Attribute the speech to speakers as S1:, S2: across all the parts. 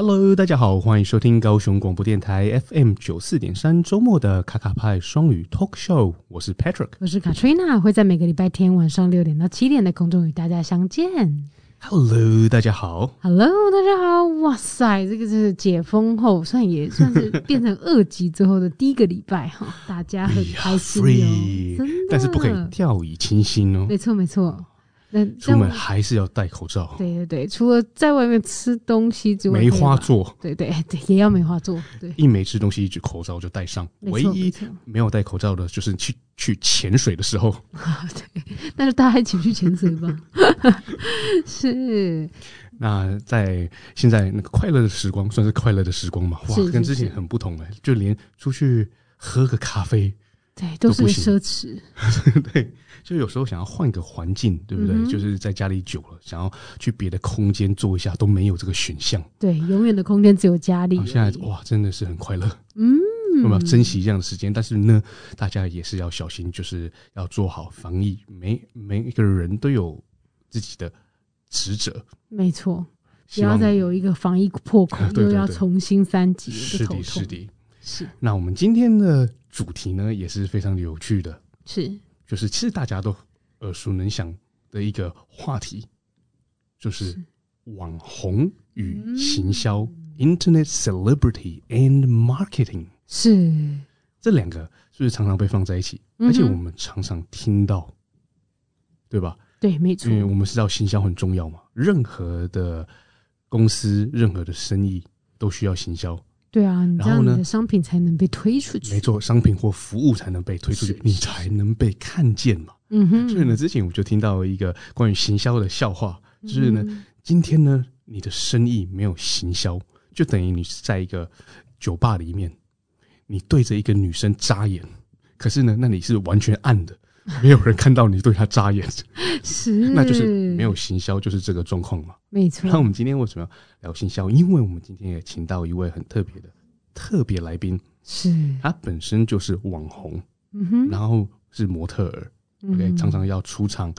S1: Hello，大家好，歡迎收聽高雄廣播電台 FM 九四點三周末的卡卡派雙語 Talk Show。我是 Patrick，
S2: 我是 Katrina，會在每個禮拜天晚上六點到七點的空中與大家相見。
S1: Hello，大家好。
S2: Hello，大家好。哇塞，這個是解封後算也算是變成二級之後的第一個禮拜哈、 哦，大家很開心哦，We are free, 真的。
S1: 但是不可以掉以輕心哦。沒
S2: 錯，沒錯。那出門
S1: 還是要戴口罩。
S2: 對對對，除了在外面吃東西之外，梅花座，對對對，也要梅花座。
S1: 對，一沒吃東西，一直口罩就戴上。錯唯一沒有戴口罩的就是去去潛水的時候。啊、
S2: 對，但是大家一起去潛水吧。 是。
S1: 那在現在那個快樂的時光，算是快樂的時光嘛？哇，跟之前很不同哎，是是是就連出去喝個咖啡，
S2: 對，都是奢侈。
S1: 對。就有時候想要換個環境，對不對？嗯、哼就是在家裡久了，想要去別的空間坐一下，都沒有這個選項。
S2: 對，永遠的空間只有家裡。現在哇，
S1: 真的是很快樂，
S2: 嗯，
S3: 我們要珍
S1: 惜這樣的時間。但是呢，大家也是要小心，就是要做好防疫。每每一個人都有自己的職責，
S2: 沒錯錯。望不要再有一個防疫破口，啊、對對對又要重新三級。是的，是的，
S1: 是。那我們今天的主題呢，也是非常有趣的，是。就是其實大家都耳熟能詳的一個話題，就是網紅與行銷是 （Internet Celebrity and Marketing） 是這兩個，是不是常常被放在一起？而且我們常常聽到，嗯、哼對吧？
S2: 對，沒錯，因為
S1: 我們知道行銷很重要嘛，任何的公司、任何的生意都需要行銷。
S2: 對啊，然後你的商品才能被推出去。沒錯，
S1: 商品或服務才能被推出去，是是是，你才能被看見嘛。嗯哼。所以呢，之前我就聽到一個關於行銷的笑話，就是呢，嗯、哼今天呢，你的生意沒有行銷，就等於你是在一個酒吧裡面，你對着一個女生眨眼，可是呢，那裡是完全暗的。 沒有人看到你對他眨眼，
S3: 是， 那就是沒有
S1: 行銷，就是這個狀況嘛。沒錯。那我們今天為什麼要聊行銷？因為我們今天也請到一位很特別的特別來賓，是，他本身就是網紅，
S3: 嗯哼，然
S1: 後是模特兒，嗯哼，常常要出場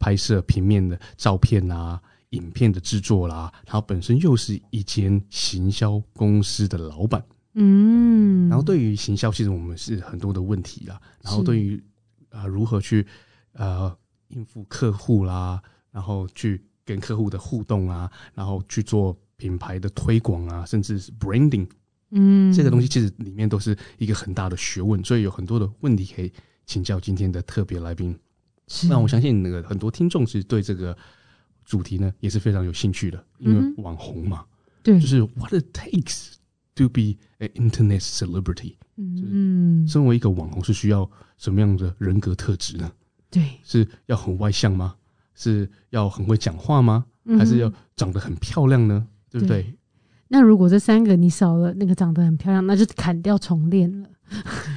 S1: 拍攝平面的照片啊、影片的製作啦，然後本身又是一間行銷公司的老闆，
S3: 嗯，然
S1: 後對於行銷，其實我們是很多的問題啦，然後對於。啊、呃，如何去，呃，應付客戶啦，然後去跟客戶的互動啊，然後去做品牌的推廣啊，甚至是 branding，嗯，這個東西其實裡面都是一個很大的學問，所以有很多的問題可以請教今天的特別來賓。是那我相信那個很多聽眾是對這個主題呢也是非常有興趣的，因為網紅嘛，對、嗯，就是 what it takes。to be an internet celebrity，嗯，身為一個網紅是需要什麼樣的人格特質呢？對，是要很外向嗎？是要很會講話嗎？還是要長得很漂亮呢？對不對？
S2: 那如果這三個你少了那個長得很漂亮，那就砍掉重練了。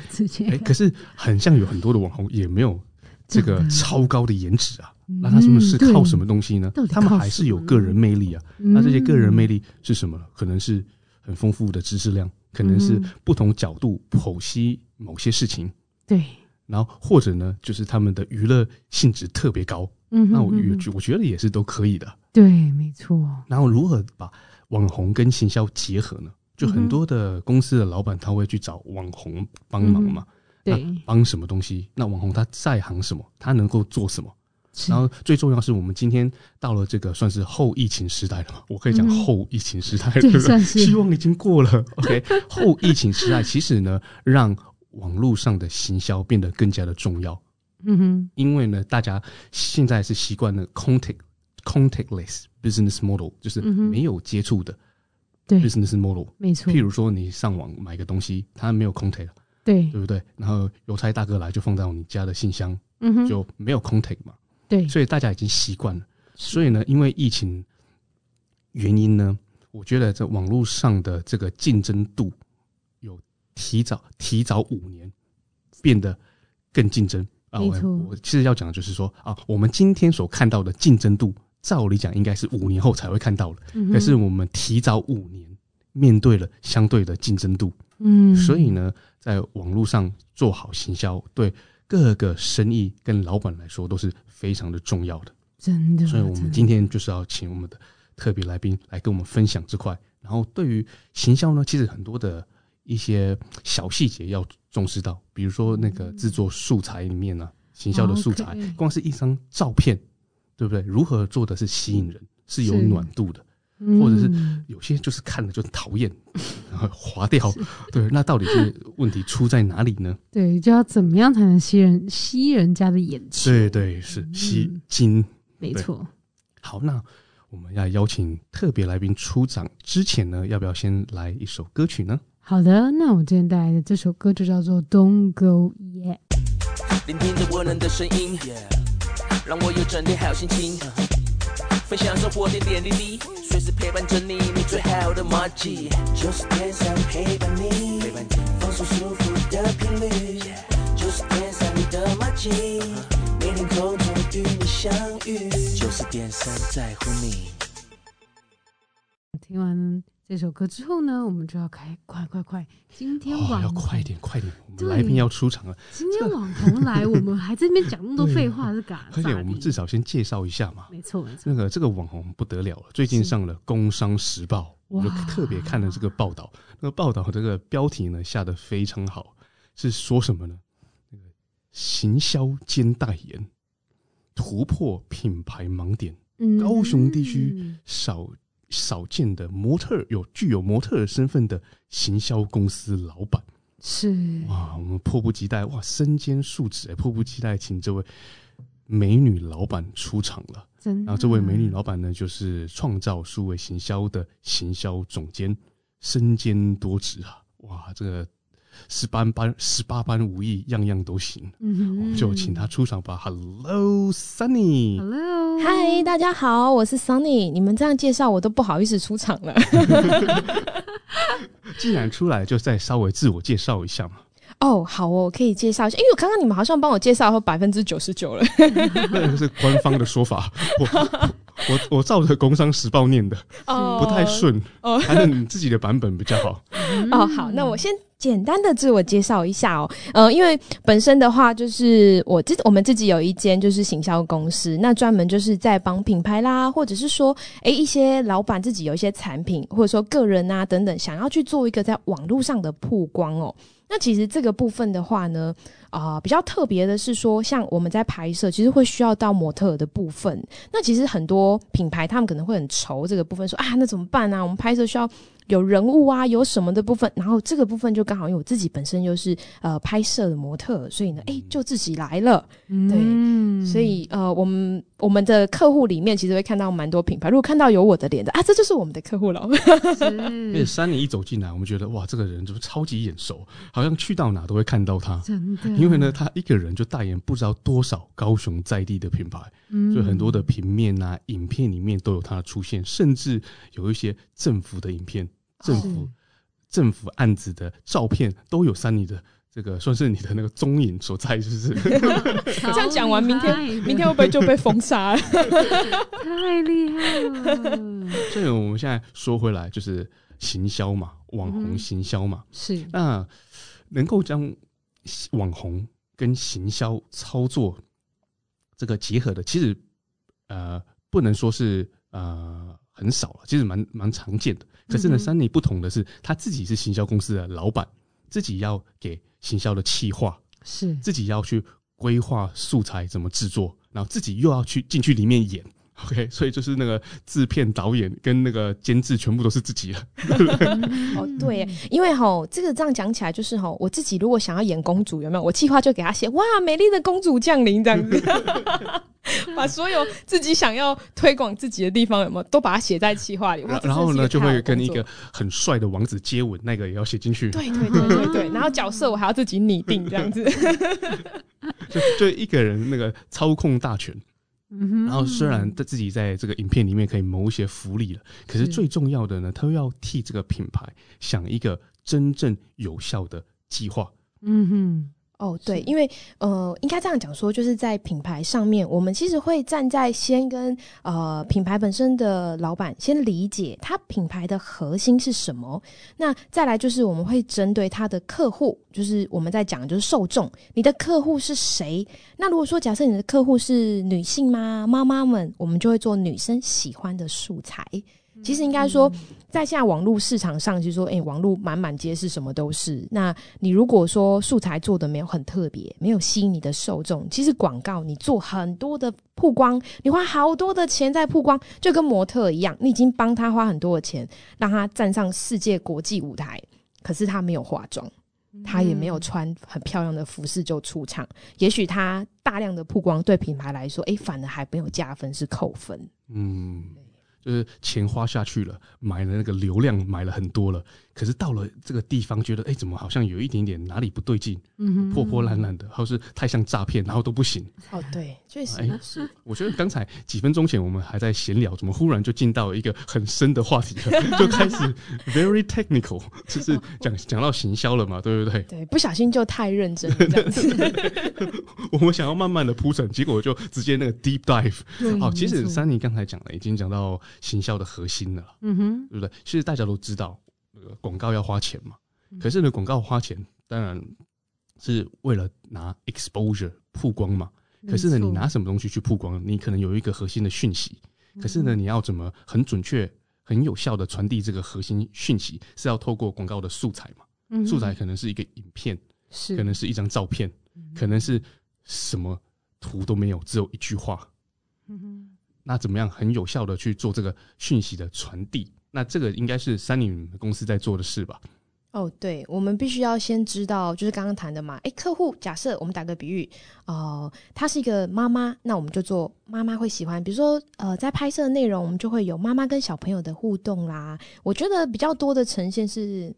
S2: 之前，
S1: 可是很像有很多的網紅也沒有這個超高的顏值啊，那他真是靠什麼東西呢？他們還是有個人魅力啊。那這些個人魅力是什麼？可能是。很豐富的知識量，可能是不同角度剖析某些事情，嗯、對。然後或者呢，就是他們的娛樂性質特別高，嗯哼嗯哼，那我我覺得也是都可以的，對，沒錯。然後如何把網紅跟行銷結合呢？就很多的公司的老闆他會去找網紅幫忙嘛，嗯、對，那幫什麼東西？那網紅他在行什麼？他能夠做什麼？然後最重要是我們今天到了這個算是後疫情時代了嘛？我可以講後疫情時代，嗯、對，希望已經過了。對 OK，後疫情時代其實呢，讓網絡上的行銷變得更加的重要。嗯
S3: 哼，
S1: 因為呢，大家現在是習慣了 contact contactless business model，就是沒有接觸的 business model，、嗯、對，沒錯。譬如說你上網買個東西，它沒有 contact，對，對不對？然後郵差大哥來就放在你家的信箱，嗯哼，就沒有 contact 嘛。對，所以大家已經習慣了。是所以呢，因為疫情原因呢，我覺得在網絡上的這個競爭度有提早提早五年變得更競爭啊。我由我其實要講的就是說啊，我們今天所看到的競爭度，照理講應該是五年後才會看到的，嗯、哼可是我們提早五年面對了相對的競爭度。嗯，所以呢，在網絡上做好行銷，對各個生意跟老板來說都是。非常的重要的，
S2: 真的，所以我們今天
S1: 就是要請我們的特別來賓來跟我們分享這塊。然後對於行銷呢，其實很多的一些小細節要重視到，比如說那個製作素材裡面呢、啊，嗯、行銷的素材，啊 okay、光是一張照片，對不對？如何做的是吸引人，是有暖度的。或者是有些就是看了就討厭，嗯、然後滑掉。是 對，那到底是問題出在哪裡呢？
S2: 對，就要怎麼樣才能吸人吸人家的眼
S1: 睛。對對，是吸睛，嗯、對沒錯。好，那我們要邀請特別來賓出場之前呢，要不要先來一首歌曲呢？
S2: 好的，那我今天帶來的這首歌就叫做《Don't Go Yet》。
S4: 聆聽着我的聲音，yeah, 讓我有整天好心情。呵呵分享生活點點滴滴，隨時陪伴着你，你最好的麻吉，就是天三陪伴你，伴你放鬆舒服的頻率，Yeah. 就是電三你的麻吉
S3: ，uh. 每天空中與你相遇，就是電三在乎你。
S2: 聽完。這首歌之後呢，我們就要開快快快！今天網紅要快點快
S1: 點，我們來賓要出場了。
S2: 今天網紅來，我們還在這邊講那麼多廢話是幹嘛？而且我
S1: 們至少先介紹一下嘛。沒錯沒錯，那個這個網紅不得了了，最近上了《工商時報》，我們特別看了這個報道。那個報道這個標題呢下得非常好，是說什麼呢？行銷兼代言，突破品牌盲點。高雄地區少。少見的模特，有具有模特身份的行銷公司老闆，
S2: 是耶 哇，
S1: 我們迫不及待哇，身兼數職，迫不及待請這位美女老闆出場了。然後、啊、這位美女老闆呢，就是創造數位行銷的行銷總監，身兼多職啊，哇，這個。十般，般，十八般武藝，樣樣都行。嗯哼，我們就請他出場吧。Hello Sunny，Hello，
S4: 嗨，Hello Hi, 大家好，我是 Sunny。你們這樣介紹，我都不好意思出場了。
S1: 既 然出來，就再稍微自我介紹一下嘛。
S4: 哦，oh, 好哦，我可以介紹一下。因為我看到你們好像幫我介紹過百分之九十九了。
S1: 那個是官方的說法。我我，我照着《工商時報》念的，oh, 不太順。還是、oh. 你自己的版本比較好。
S4: 哦、oh, 嗯，oh, 好，那我先。簡單的自我介紹一下哦，呃，因為本身的話，就是我自我們自己有一間就是行銷公司，那專門就是在幫品牌啦，或者是說，誒、欸、一些老板自己有一些產品，或者說個人啊等等，想要去做一個在網絡上的曝光哦。那其實這個部分的話呢。啊、呃，比較特別的是說，像我們在拍攝，其實會需要到模特的部分。那其實很多品牌他們可能會很愁這個部分，說啊，那怎麼辦呢、啊？我們拍攝需要有人物啊，有什麼的部分。然後這個部分就剛好，因為我自己本身又、就是呃拍攝的模特，所以呢，哎、欸，就自己來了。嗯，對，所以呃，我們我們的客戶裡面其實會看到蠻多品牌。如果看到有我的臉的啊，這就是我們的客戶了。
S1: 而且<是 >Sunny 一走進來，我們覺得哇，這個人就超級眼熟？好像去到哪都會看到他。真的。因為呢，他一個人就代言不知道多少高雄在地的品牌，嗯、所以很多的平面啊影片裡面都有他的出現，甚至有一些政府的影片，政府、哦、政府案子的照片都有 Sunny 的這個，算是你的那個蹤影所在，是不是？
S4: 這樣講完，明天明天會不會就被封殺？太厲害了！
S1: 所以我們現在說回來，就是行銷嘛，網紅行銷嘛，嗯、是那能夠將。網紅跟行銷操作這個結合的，其實呃不能說是呃很少了，其實蠻蠻常見的。可是呢 Sunny、mm hmm. 不同的是，他自己是行銷公司的老闆，自己要給行銷的企劃，是自己要去規劃素材怎麼制作，然後自己又要去進去裡面演。OK，所以就是那個製片、導演跟那個監製全部都是自己的。
S4: 對，因為吼，這個這樣講起來就是吼，我自己如果想要演公主，有沒有？我企劃就給他寫，哇，美麗的公主降臨這樣子， 把所有自己想要推廣自己的地方有沒有，都把它寫在企劃裡。然後呢，就會跟一個
S1: 很帥的王子接吻，那個也要寫進去。 對，
S4: 對，對對對，然後角色我還要自己擬定這樣子，
S1: 就就一個人那個操控大權。嗯哼，然後雖然他自己在這個影片裡面可以謀一些福利了，是可是最重要的呢，他又要替這個品牌想一個真正有效的計劃。嗯
S4: 哼。哦，對，是因為呃，應該這樣講說，就是在品牌上面，我們其實會站在先跟呃品牌本身的老闆先理解他品牌的核心是什麼？那再來就是我們會針對他的客戶，就是我們在講就是受眾，你的客戶是誰？那如果說假設你的客戶是女性嘛，媽媽們，我們就會做女生喜歡的素材。其實應該說，在現在網絡市場上，就是說，誒、欸，網絡滿滿皆是什麼都是。那你如果說素材做得沒有很特別，沒有吸引你的受眾，其實廣告你做很多的曝光，你花好多的錢在曝光，就跟模特一樣，你已經幫他花很多的錢，讓他站上世界國際舞臺，可是他沒有化妝，
S1: 他也沒
S4: 有穿很漂亮的服飾就出場。嗯、也許他大量的曝光對品牌來說，誒、欸，反而還沒有加分，是扣分。嗯。
S1: 就是錢花下去了，買了那個流量，買了很多了。可是到了這個地方，覺得誒、欸、怎麼好像有一點點哪裡不對勁？嗯哼，
S4: 嗯哼，破破爛
S1: 爛的，或是太像詐騙，然後都不行。哦，
S4: 對，確實是，啊欸。
S1: 我覺得剛才幾分鐘前我們還在閒聊，怎麼忽然就進到一個很深的話題了？ 就開始 very technical， 就是講，講到行銷了嘛，對不對？對，
S4: 不小心就太認真了
S1: 這樣子。 我們想要慢慢的鋪陳，結果就直接那個 deep dive。對好，對其實 Sunny 剛才講了，已經講到行銷的核心了。嗯
S3: 哼，
S1: 對不對？其實大家都知道。廣告要花錢嘛？可是呢，廣告花錢當然是為了拿 exposure 曝光嘛。可是呢，錯你拿什麼東西去曝光？你可能有一個核心的訊息，嗯、
S3: 哼可是呢，
S1: 你要怎麼很準確、很有效的傳遞這個核心訊息？是要透過廣告的素材嘛？嗯、哼素材可能是一個影片，是可能是一張照片，嗯、哼可能是什麼圖都沒有，只有一句話。嗯、哼那怎麼樣很有效的去做這個訊息的傳遞？那這個應該是三零公司在做的事吧？哦
S4: ，oh, 對，我們必須要先知道，就是剛剛談的嘛。誒，客戶假設我們打個比喻，哦、呃，她是一個媽媽，那我們就做媽媽會喜歡，比如說，呃，在拍攝的內容，我們就會有媽媽跟小朋友的互動啦。我覺得比較多的呈現是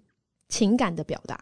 S4: 情感的表達。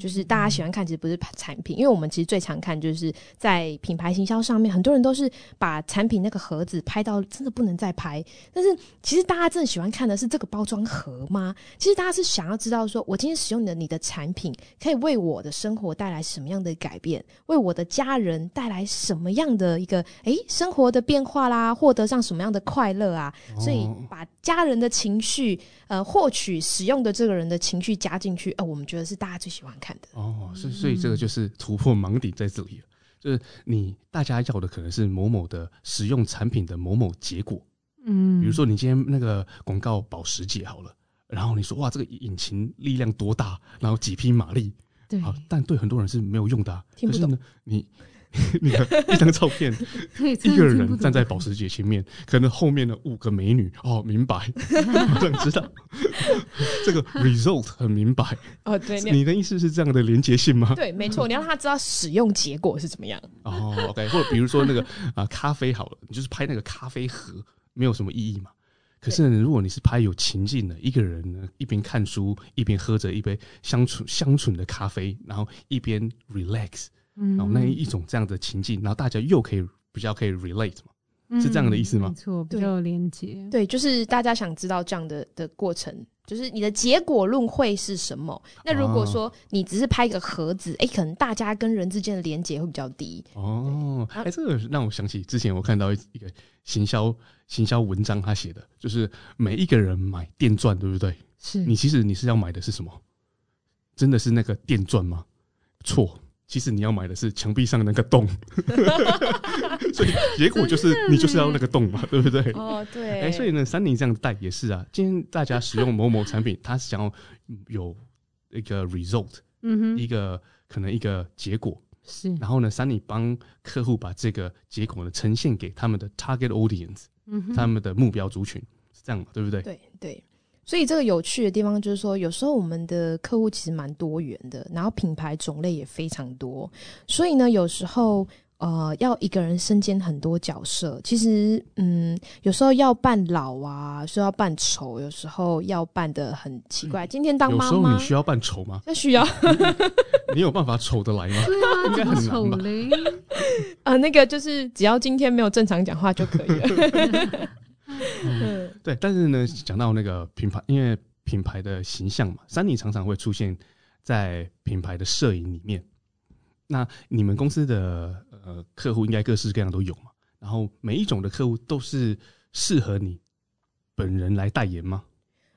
S4: 就是大家喜歡看，其實不是產品，因為我們其實最常看就是在品牌行銷上面，很多人都是把產品那個盒子拍到真的不能再拍。但是其實大家真的喜歡看的是這個包裝盒嗎？其實大家是想要知道說，說我今天使用你的你的產品，可以為我的生活帶來什麼樣的改變，為我的家人帶來什麼樣的一個哎、欸、生活的變化啦，獲得上什麼樣的快樂啊？所以把家人的情緒，呃，獲取使用的這個人的情緒加進去，呃，我們覺得是大家最喜歡的。哦，所以所以這個就
S1: 是突破盲點在這裡了、嗯、就是你大家要的可能是某某的使用產品的某某結果，嗯，
S4: 比如
S1: 說你今天那個廣告保時捷好了，然後你說哇這個引擎力量多大，然後幾匹馬力，對、啊，但對很多人是沒有用的、啊，聽不懂但是呢你。 你看一張照片， 吃
S3: 吃吃一個人站在
S1: 保時捷前面，可能後面的五個美女哦，明白，我知道 這個 result 很明白。
S4: 哦，對，你
S1: 的意思是這樣的連接性嗎？對，
S4: 沒錯，你要讓他知道使用結果是怎麼樣。
S1: 哦，OK，或者比如說那個啊、呃，咖啡好了，你就是拍那個咖啡盒，沒有什麼意義嘛。可是對如果你是拍有情境的，一個人呢一邊看書，一邊喝着一杯香醇香醇的咖啡，然後一邊 relax。然後那一種這樣的情境，嗯、然後大家又可以比較可以 relate 嘛，嗯、是這樣的意思嗎？沒錯，
S2: 比較有連接對。
S4: 對，就是大家想知道這樣的的過程，就是你的結果論會是什麼？那如果說你只是拍一個盒子，哎、哦，可能大家跟人之間的連接會比較低。
S1: 哦，對那哎，這個讓我想起之前我看到一個行銷行銷文章，他寫的，就是每一個人買電鑽，對不對？是你其實你是要買的是什麼？真的是那個電鑽嗎？錯。嗯其實你要買的是牆壁上的那個洞， 所以結果就是你就是要那個洞嘛， 對不對？哦，對、欸。所以呢，Sunny 這樣的代言也是啊，今天大家使用某某，某產品，他 是想要有一個 result，嗯哼，一個可能一個結果是。然後呢，Sunny 幫客戶把這個結果呢呈現給他們的 target audience，嗯哼，他們的目標族群是這樣嘛，對不對？對
S4: 對。對所以這個有趣的地方就是說，有時候我們的客戶其實蠻多元的，然後品牌種類也非常多，所以呢，有時候呃，要一個人身兼很多角色，其實嗯，有時候要扮老啊，需要扮醜，有時候要扮得很奇怪。嗯、今天當媽媽有時候你需
S1: 要扮醜嗎？那
S4: 需要。
S1: 你有辦法醜得來嗎？啊、 應
S4: 該很難吧。 呃，那個就是只要今天沒有正常講話就可以了。
S1: 嗯、對，但是呢，講到那個品牌，因為品牌的形象嘛，Sunny 常常會出現在品牌的攝影裡面。那你們公司的呃客戶應該各式各樣都有嘛？然後每一種的客戶都是適合你本人來代言嗎？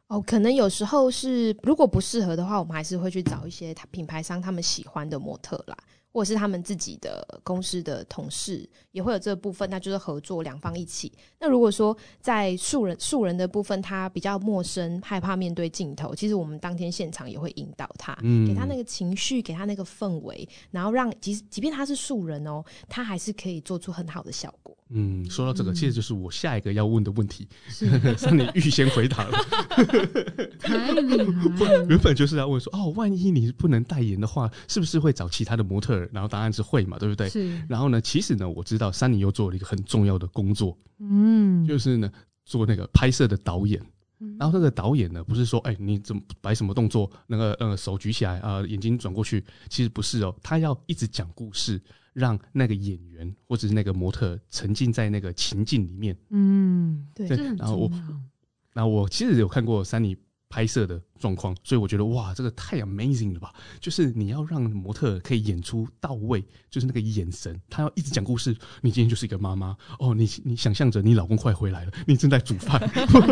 S4: 哦，可能有時候是，如果不適合的話，我們還是會去找一些他品牌商他們喜歡的模特啦。或是他們自己的公司的同事也會有這部分，那就是合作兩方一起。那如果說在素人素人的部分，他比較陌生，害怕面對鏡頭，其實我們當天現場也會引導他，嗯、給他那個情緒，給他那個氛圍，然後讓即即便他是素人哦，他還是可以做出很好的效果。
S1: 嗯，說到這個，嗯、其實就是我下一個要問的問題，是 Sunny 預先回答了， 太厲害了 原本就是要問說，哦，萬一你不能代言的話，是不是會找其他的模特兒？然後答案是會嘛，對不對？是然後呢，其實呢，我知道 Sunny 又做了一個很重要的工作，嗯，就是呢做那個拍攝的導演。嗯、然後那個導演呢，不是說，哎、欸，你怎麼擺什麼動作？那個，呃，手舉起來啊、呃，眼睛轉過去，其實不是哦，他要一直講故事。讓那個演員或者是那個模特沉浸在那個情境裡面。嗯，對，對。然後我，然後我其實有看過 Sunny 拍攝的狀況，所以我覺得哇，這個太 amazing 了吧！就是你要讓模特可以演出到位，就是那個眼神，她要一直講故事。你今天就是一個媽媽哦，你你想象着你老公快回來了，你正在煮飯，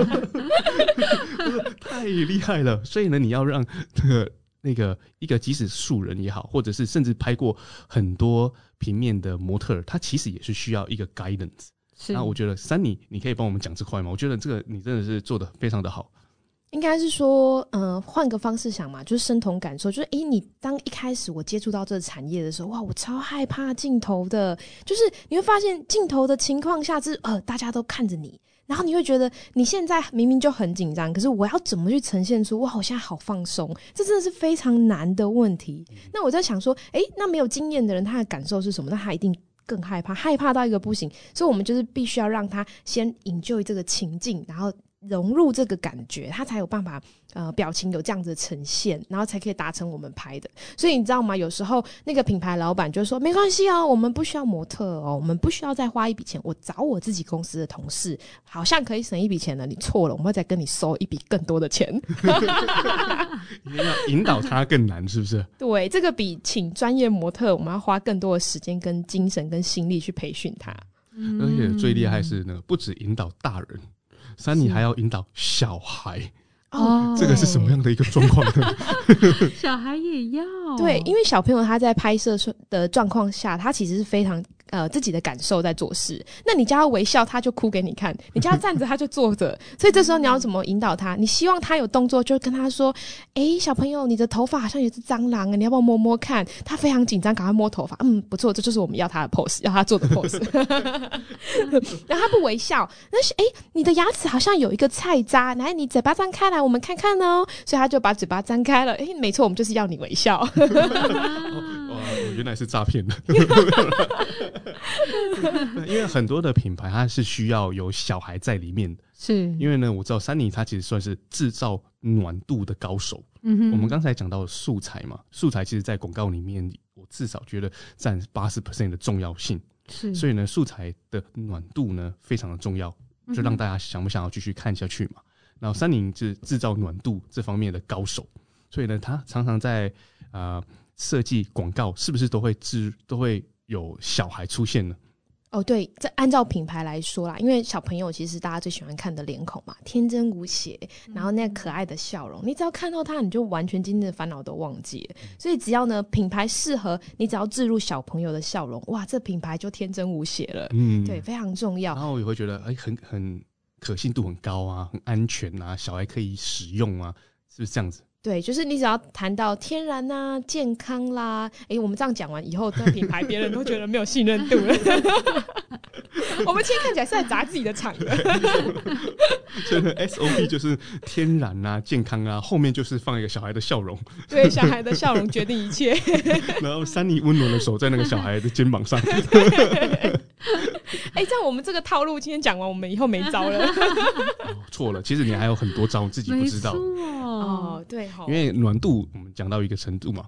S1: 太厲害了。所以呢，你要讓那個。那個一個即使素人也好，或者是甚至拍過很多平面的模特兒，他其實也是需要一個 guidance 是。那我覺得，Sunny 你可以幫我們講這塊嗎？我覺得這個你真的是做得非常的好。
S4: 應該是說，呃，換個方式想嘛，就是身同感受，就是哎，你當一開始我接觸到這個產業的時候，哇，我超害怕鏡頭的，就是你會發現鏡頭的情況下是呃，大家都看着你。然後你會覺得你現在明明就很緊張，可是我要怎麼去呈現出哇，我現在好放鬆？這真的是非常難的問題。那我在想說，誒，那沒有經驗的人他的感受是什麼？那他一定更害怕，害怕到一個不行。所以，我們就是必須要讓他先引就這個情境，然後。融入這個感覺，他才有辦法呃，表情，有這樣子的呈現，然後才可以達成我們拍的。所以你知道嗎？有時候那個品牌老闆就說：“沒關係哦，我們不需要模特哦，我們不需要再花一筆錢，我找我自己公司的同事，好像可以省一筆錢了。”你錯了，我們會再跟你收一筆更多的錢。
S1: 你要引導他更難，是不是？
S4: 對，這個比請專業模特，我們要花更多的時間、跟精神、跟心力去培訓他。嗯、而且
S1: 最厲害是那個，不止引導大人。三，你還要引導小孩哦，這個是什麼樣的一個狀況呢？哦、
S2: 小孩也要
S4: 對，因為小朋友他在拍攝的狀況下，他其實是非常。呃，自己的感受在做事，那你叫他微笑，他就哭給你看；你叫他站着，他就坐着。 所以這時候你要怎麼引導他？你希望他有動作，就跟他說：“哎、欸，小朋友，你的頭髮好像有隻蟑螂，你要不要摸摸看？”他非常緊張，趕快摸頭髮。嗯，不錯，這就是我們要他的 pose，要他做的 pose。 然後他不微笑，那是哎、欸，你的牙齒好像有一個菜渣，來，你嘴巴張開來，我們看看哦、喔。所以他就把嘴巴張開了。哎、欸，沒錯，我們就是要你微笑。
S1: 哦、哇，原來是詐騙的。 因為很多的品牌，它是需要有小孩在裡面的。是，因為呢，我知道 Sunny 它其實算是製造暖度的高手。嗯哼，我們剛才講到素材嘛，素材其實，在廣告裡面，我至少覺得占八十 percent 的重要性。是，所以呢，素材的暖度呢，非常的重要，就讓大家想不想要繼續看下去嘛？然後、嗯、<哼 >Sunny 是製造暖度這方面的高手，所以呢，他常常在啊設計廣告，是不是都會制都會。有小孩出現了，
S4: 哦，對，這按照品牌來說啦，因為小朋友其實大家最喜歡看的臉孔嘛，天真無邪，然後那個可愛的笑容，嗯、你只要看到它，你就完全今天的煩惱都忘記了。所以只要呢，品牌適合，你只要置入小朋友的笑容，哇，這品牌就天真無
S1: 邪了。嗯，對，非常重要。然後我也會覺得，哎、欸，很很可信度很高啊，很安全啊，小孩可以使用啊，是不是這樣子？
S4: 對，就是你只要談到天然吶、啊、健康啦，哎、欸，我們這樣講完以後，這品牌別人都覺得沒有信任度了。 我們今天看起來是在砸自己的場
S1: SOP 對 就是天然啊、健康啊，後面就是放一個小孩的笑容。對，小孩的笑容決定一切。 然後，Sunny 溫暖的手在那個小孩的肩膀上。 對
S4: 哎、 欸，這樣我們這個套路今天講完，我們以後沒招了。
S1: 錯、 哦、了，其實你還有很多招自己不知道哦、
S4: 哦。對哦，好，因
S1: 為暖度我們講到一個程度嘛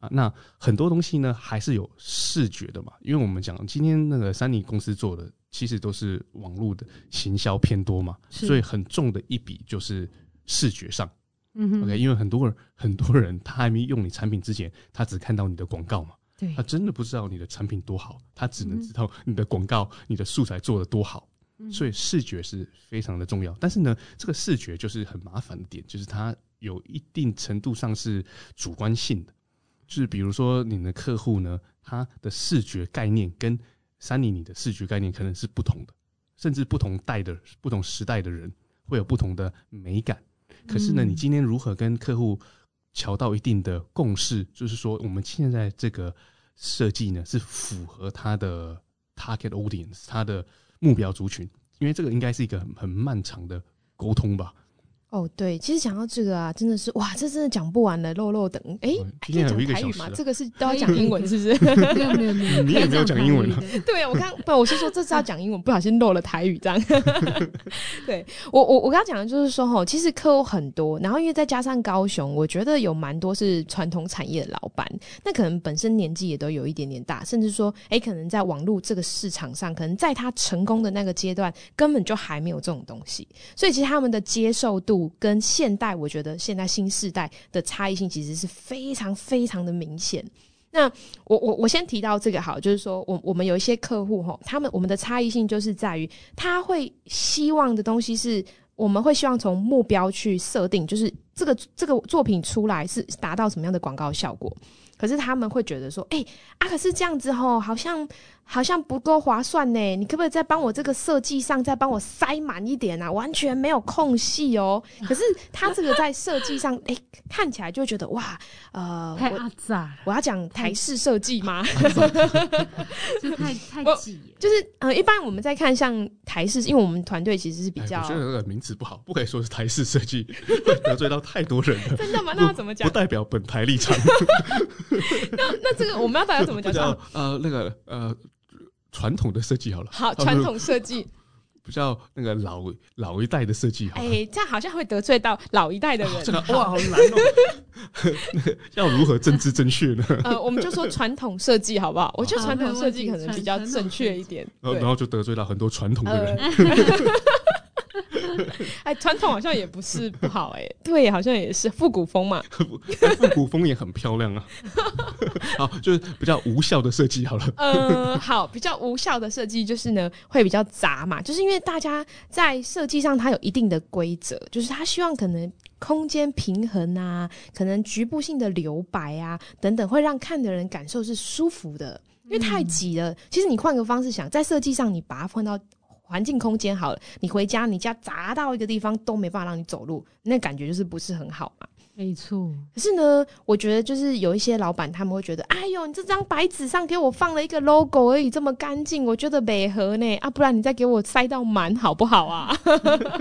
S1: 啊，那很多東西呢還是有視覺的嘛，因為我們講今天那個 Sunny 公司做的其實都是網絡的行銷偏多嘛，是所以很重的一筆就是視覺上。嗯哼，OK，因為很多人很多人他還沒用你產品之前，他只看到你的廣告嘛。對他真的不知道你的產品多好，他只能知道你的廣告、嗯、你的素材做得多好。嗯、所以視覺是非常的重要。但是呢，這個視覺就是很麻煩的點，就是它有一定程度上是主觀性的。就是比如說你的客戶呢，他的視覺概念跟 Sunny 你的視覺概念可能是不同的，甚至不同代的不同時代的人會有不同的美感。可是呢，嗯、你今天如何跟客戶喬到一定的共識，就是說，我們現在這個設計呢，是符合他的 target audience，他的目標族群，因為這個應該是一個很漫長的溝通吧。
S4: 哦，oh, 對，其實講到這個啊，真的是，哇，這真的講不完了，漏漏等，哎，可以台語嗎？這個是都要講英文，是不是？ 沒
S1: 有沒有，你也沒有講英文。 英
S4: 文對啊，我剛不，我是說這是要講英文，不小心漏了台語，這樣。 對我我我剛剛講的就是說，吼，其實客戶很多，然後因為再加上高雄，我覺得有蠻多是傳統產業的老闆，那可能本身年紀也都有一點點大，甚至說，哎，可能在網絡這個市場上，可能在他成功的那個階段，根本就還沒有這種東西，所以其實他們的接受度。跟現代，我覺得現在新世代的差異性其實是非常非常的明顯。那我我我先提到這個好，就是說我我們有一些客戶哈，他們我們的差異性就是在於，他會希望的東西是我們會希望從目標去設定，就是這個這個作品出來是達到什麼樣的廣告效果。可是他們會覺得說，哎、欸、啊，可是這樣子吼好像。好像不夠划算呢，你可不可以再幫我這個設計上再幫我塞滿一點啊？完全沒有空隙哦、喔。可是它這個在設計上，哎、欸，看起來就覺得哇，呃，太擠，我要講台式設計嗎？哈哈，就是太太擠， 就是呃，一般我們在看像台式，因為我們團隊其實是比較、欸……就
S1: 覺得那個名詞不好，不可以說是台式設計，得罪 到太多人了。真的嗎？那要怎麼講？不代表本台立場。 那
S4: 那這個我們要大表怎麼講？叫
S1: 呃那個呃。傳統的設計好了，好傳統設計，比較那個老老一代的設計。哎、
S4: 欸，這樣好像會得罪到老一代的人。真的、啊、哇，哇，好難
S1: 哦，要如何政治正確呢？呃，
S4: 我們就說傳統設計好不好？好，我覺得傳統設計可能比較正確一點。
S1: 然後，然後就得罪了很多傳統的人。呃
S4: 哎，傳統好像也不是不好，哎、欸，對，好像也是復古風嘛，復、
S1: 哎、複古風也很漂亮啊。 好，就是比較無效的設計好了。
S4: 嗯、呃，好，比較無效的設計就是呢，會比較雜嘛，就是因為大家在設計上它，有一定的規則，就是它希望可能空間平衡啊，可能局部性的留白啊等等，會讓看的人感受是舒服的，因為太擠了。嗯、其實你換個方式想，在設計上你把它換到，環境空間好了，你回家你家砸到一個地方都沒辦法讓你走路，那感覺就是不是很好嘛？沒錯錯。可是呢，我覺得就是有一些老闆他們會覺得，哎呦，你這張白紙上給我放了一個 logo 而已，這麼乾淨，我覺得違和呢啊，不然你再給我塞到滿好不好啊？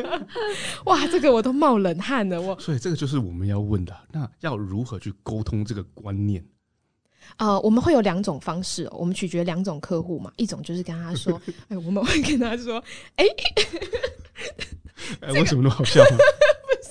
S1: 哇，這個我都冒冷汗了，我。所以這個就是我們要問的，那要如何去溝通這個觀念？
S4: 呃，我們會有兩種方式、喔，我們取決兩種客戶嘛，一種就是跟他說，哎、 欸，我們會跟他說，哎、欸，哎 這
S1: 個、欸，我怎麼那麼好笑？
S4: 不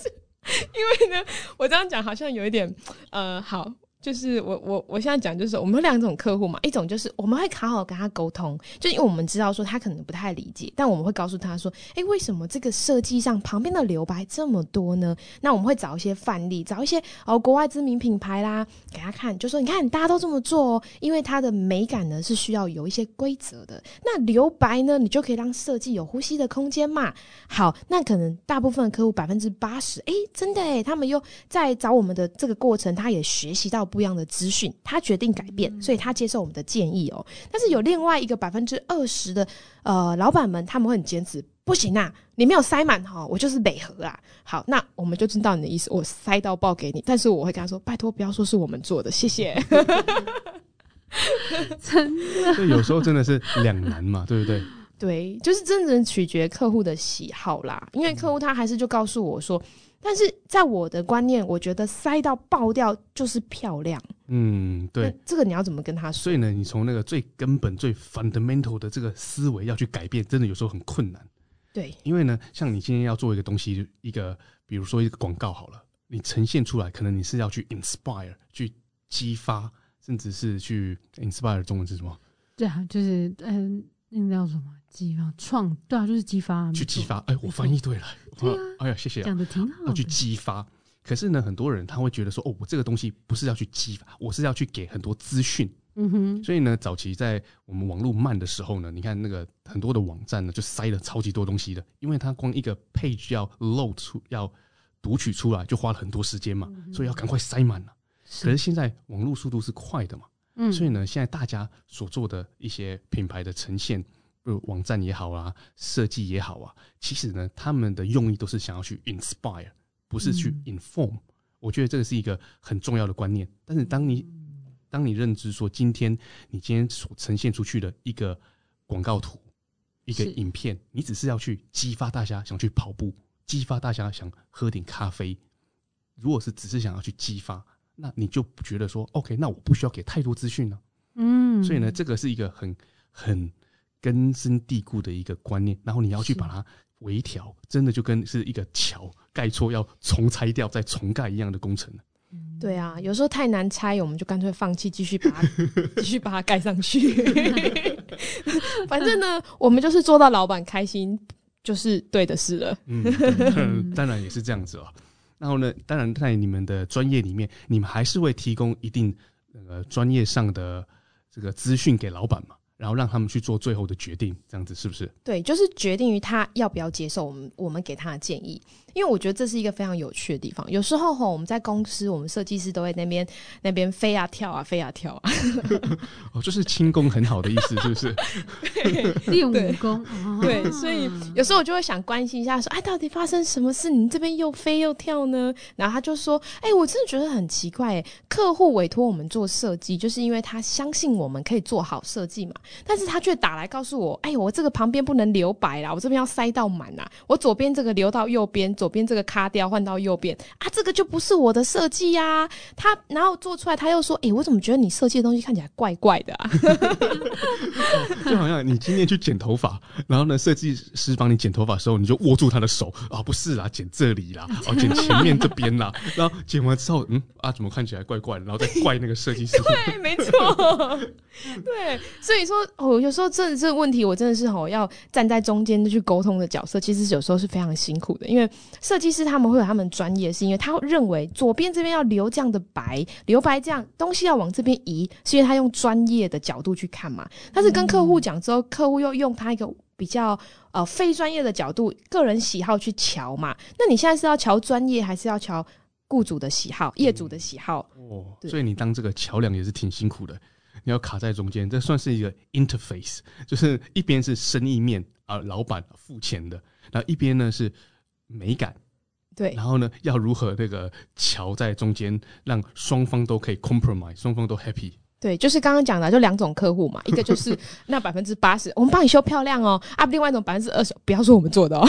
S4: 是，因為呢，我這樣講好像有一點，呃，好。就是我我我現在講，就是我們有兩種客戶嘛，一種就是我們會好好跟他溝通，就是、因為我們知道說他可能不太理解，但我們會告訴他說，誒、欸，為什麼這個設計上旁邊的留白這麼多呢？那我們會找一些範例，找一些哦國外知名品牌啦給他看，就說你看大家都這麼做哦，因為它的美感呢是需要有一些規則的。那留白呢，你就可以讓設計有呼吸的空間嘛。好，那可能大部分的客戶百分之八十，誒、欸，真的誒，他們又在找我們的這個過程，他也學習到，不一樣的資訊，他決定改變，所以他接受我們的建議哦、喔。但是有另外一個百分之二十的呃老板們，他們會很堅持，不行吶、啊，你沒有塞滿哈，我就是磊盒啊。好，那我們就知道你的意思，我塞到爆給你。但是我會跟他說，拜托不要說是我們做的，謝謝。 真的， 有時候
S1: 真的是兩難嘛，對不對？
S4: 對，就是真正取決客戶的喜好啦。因為客戶他還是就告訴我說。但是在我的觀念，我覺得塞到爆掉就是漂亮。
S1: 嗯，對，這個你要怎麼跟他說？所以呢，你從那個最根本、最 fundamental 的這個思維要去改變，真的有時候很困難。對，因為呢，像你今天要做一個東西，一個比如說一個廣告好了，你呈現出來，可能你是要去 inspire，去激發，甚至是去 inspire，中文是什麼？
S2: 對啊，就是嗯，那叫什麼？激發創，對啊，就是激發去激發。哎、欸，我翻譯對
S1: 了。對啊、哎呀，謝謝、啊。講得挺好的。要去激發，可是呢，很多人他會覺得說：“哦，我這個東西不是要去激發，我是要去給很多資訊。”嗯哼，所以呢，早期在我們網絡慢的時候呢，你看那個很多的網站呢，就塞了超級多東西的，因為它光一個 page 要 load 出要讀取出來就花了很多時間嘛，嗯、哼所以要趕快塞滿了。是。可是現在網絡速度是快的嘛，嗯，所以呢，現在大家所做的一些品牌的呈現。網站也好啊，設計也好啊，其實呢，他們的用意都是想要去 inspire，不是去 inform、嗯。我覺得這個是一個很重要的觀念。但是當你、嗯、當你認知說，今天你今天所呈現出去的一個廣告圖、一個影片，是你只是要去激發大家想去跑步，激發大家想喝點咖啡。如果是只是想要去激發，那你就不覺得說 OK，那我不需要給太多資訊了。嗯，所以呢，這個是一個很很。根深蒂固的一個觀念，然後你要去把它微調，是真的就跟是一個橋蓋錯要重拆掉再重蓋一樣的工程、嗯。
S4: 對啊，有時候太難拆，我們就乾脆放棄，繼續把它繼 續把它蓋上去。 反正呢，啊、我們就是做到老板開心就是對的事了。 嗯，
S1: 當然也是這樣子哦、喔。然後呢，當然在你們的專業裡面，你們還是會提供一定專業上的這個資訊給老板嘛。然後讓他們去做最後的決定，這樣子是不是？
S4: 對，就是決定於他要不要接受我們，我們給他的建議。因為我覺得這是一個非常有趣的地方。有時候吼，我們在公司，我們設計師都會那邊那邊飛啊跳啊飛啊跳啊。啊
S1: 跳啊 哦，就是輕功很好的意思，是不是？
S4: 練武功。對，啊、對，所以有時候我就會想關心一下，說：“哎、啊，到底發生什麼事？你們這邊又飛又跳呢？”然後他就說：“哎、欸，我真的覺得很奇怪。客戶委托我們做設計，就是因為他相信我們可以做好設計嘛。但是他卻打來告訴我：‘哎、欸，我這個旁邊不能留白啦，我這邊要塞到滿啦，我左邊這個留到右邊。’”左邊這個卡掉，換到右邊啊，這個就不是我的設計呀。他然後做出來，他又說：“哎、欸，我怎麼覺得你設計的東西看起來怪怪的？”
S1: 啊？ 哦，就好像你今天去剪頭髮，然後呢，設計師幫你剪頭髮的時候，你就握住他的手啊，不是啦，剪這裡啦，哦、啊，剪前面這邊啦。 然後剪完之後，嗯啊，怎麼看起來怪怪的？然後再怪那個設計師。
S4: 對，沒錯。 對，所以說，我、哦、有時候這這個問題，我真的是吼、哦、要站在中間去溝通的角色，其實有時候是非常辛苦的，因為。設計師他們會有他們專業，是因為他認為左邊這邊要留這樣的白，留白這樣東西要往這邊移，是因為他用專業的角度去看嘛。但是跟客戶講之後，嗯、客戶又用他一個比較呃非專業的角度，個人喜好去喬嘛。那你現在是要喬專業，還是要喬雇主的喜好、業主的喜好？嗯、
S1: 哦，對所以你當這個橋樑也是挺辛苦的，你要卡在中間，這算是一個 interface，就是一邊是生意面啊，老闆付錢的，然後一邊呢是。美感，對，然後呢，要如何那個橋在中間，讓雙方都可以 compromise，雙方都 happy，
S4: 對，就是剛剛講的，就兩種客戶嘛，一個就是那百分之八十， 我們幫你修漂亮哦啊，另外一種百分之二十，不要說我們做的哦，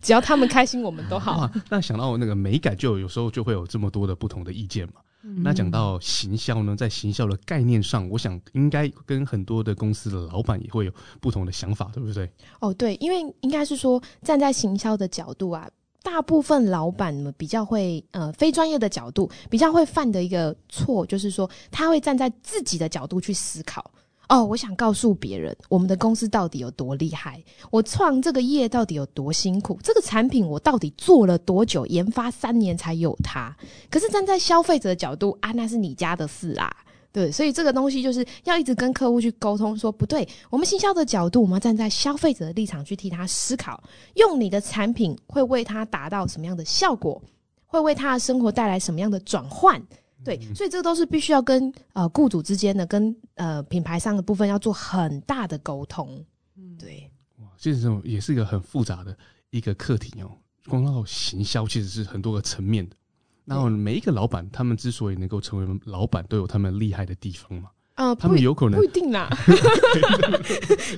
S4: 只要他們開心，我們都好。啊、
S1: 那想到我那個美感就，就有時候就會有這麼多的不同的意見嘛。那講到行銷呢，在行銷的概念上，我想應該跟很多的公司的老板也會有不同的想法，對不對？
S4: 哦，對，因為應該是說站在行銷的角度啊，大部分老板們比較會，呃，非專業的角度，比較會犯的一個錯，就是說他會站在自己的角度去思考。哦，我想告訴別人，我們的公司到底有多厲害？我創這個業到底有多辛苦？這個產品我到底做了多久？研發三年才有它。可是站在消費者的角度啊，那是你家的事啊，對。所以這個東西就是要一直跟客戶去溝通，說不對，我們行銷的角度，我們要站在消費者的立場去替他思考，用你的產品會為他達到什麼樣的效果？會為他的生活帶來什麼樣的轉換？對，所以這個都是必須要跟呃僱主之間的，跟呃品牌上的部分要做很大的溝通，嗯、
S1: 對。哇，其實這種也是一個很複雜的一個課題哦。光靠行銷其實是很多個層面的。然後每一個老闆，他們之所以能夠成為老闆，都有他們厲害的地方嘛。他們有可能不一
S4: 定啦，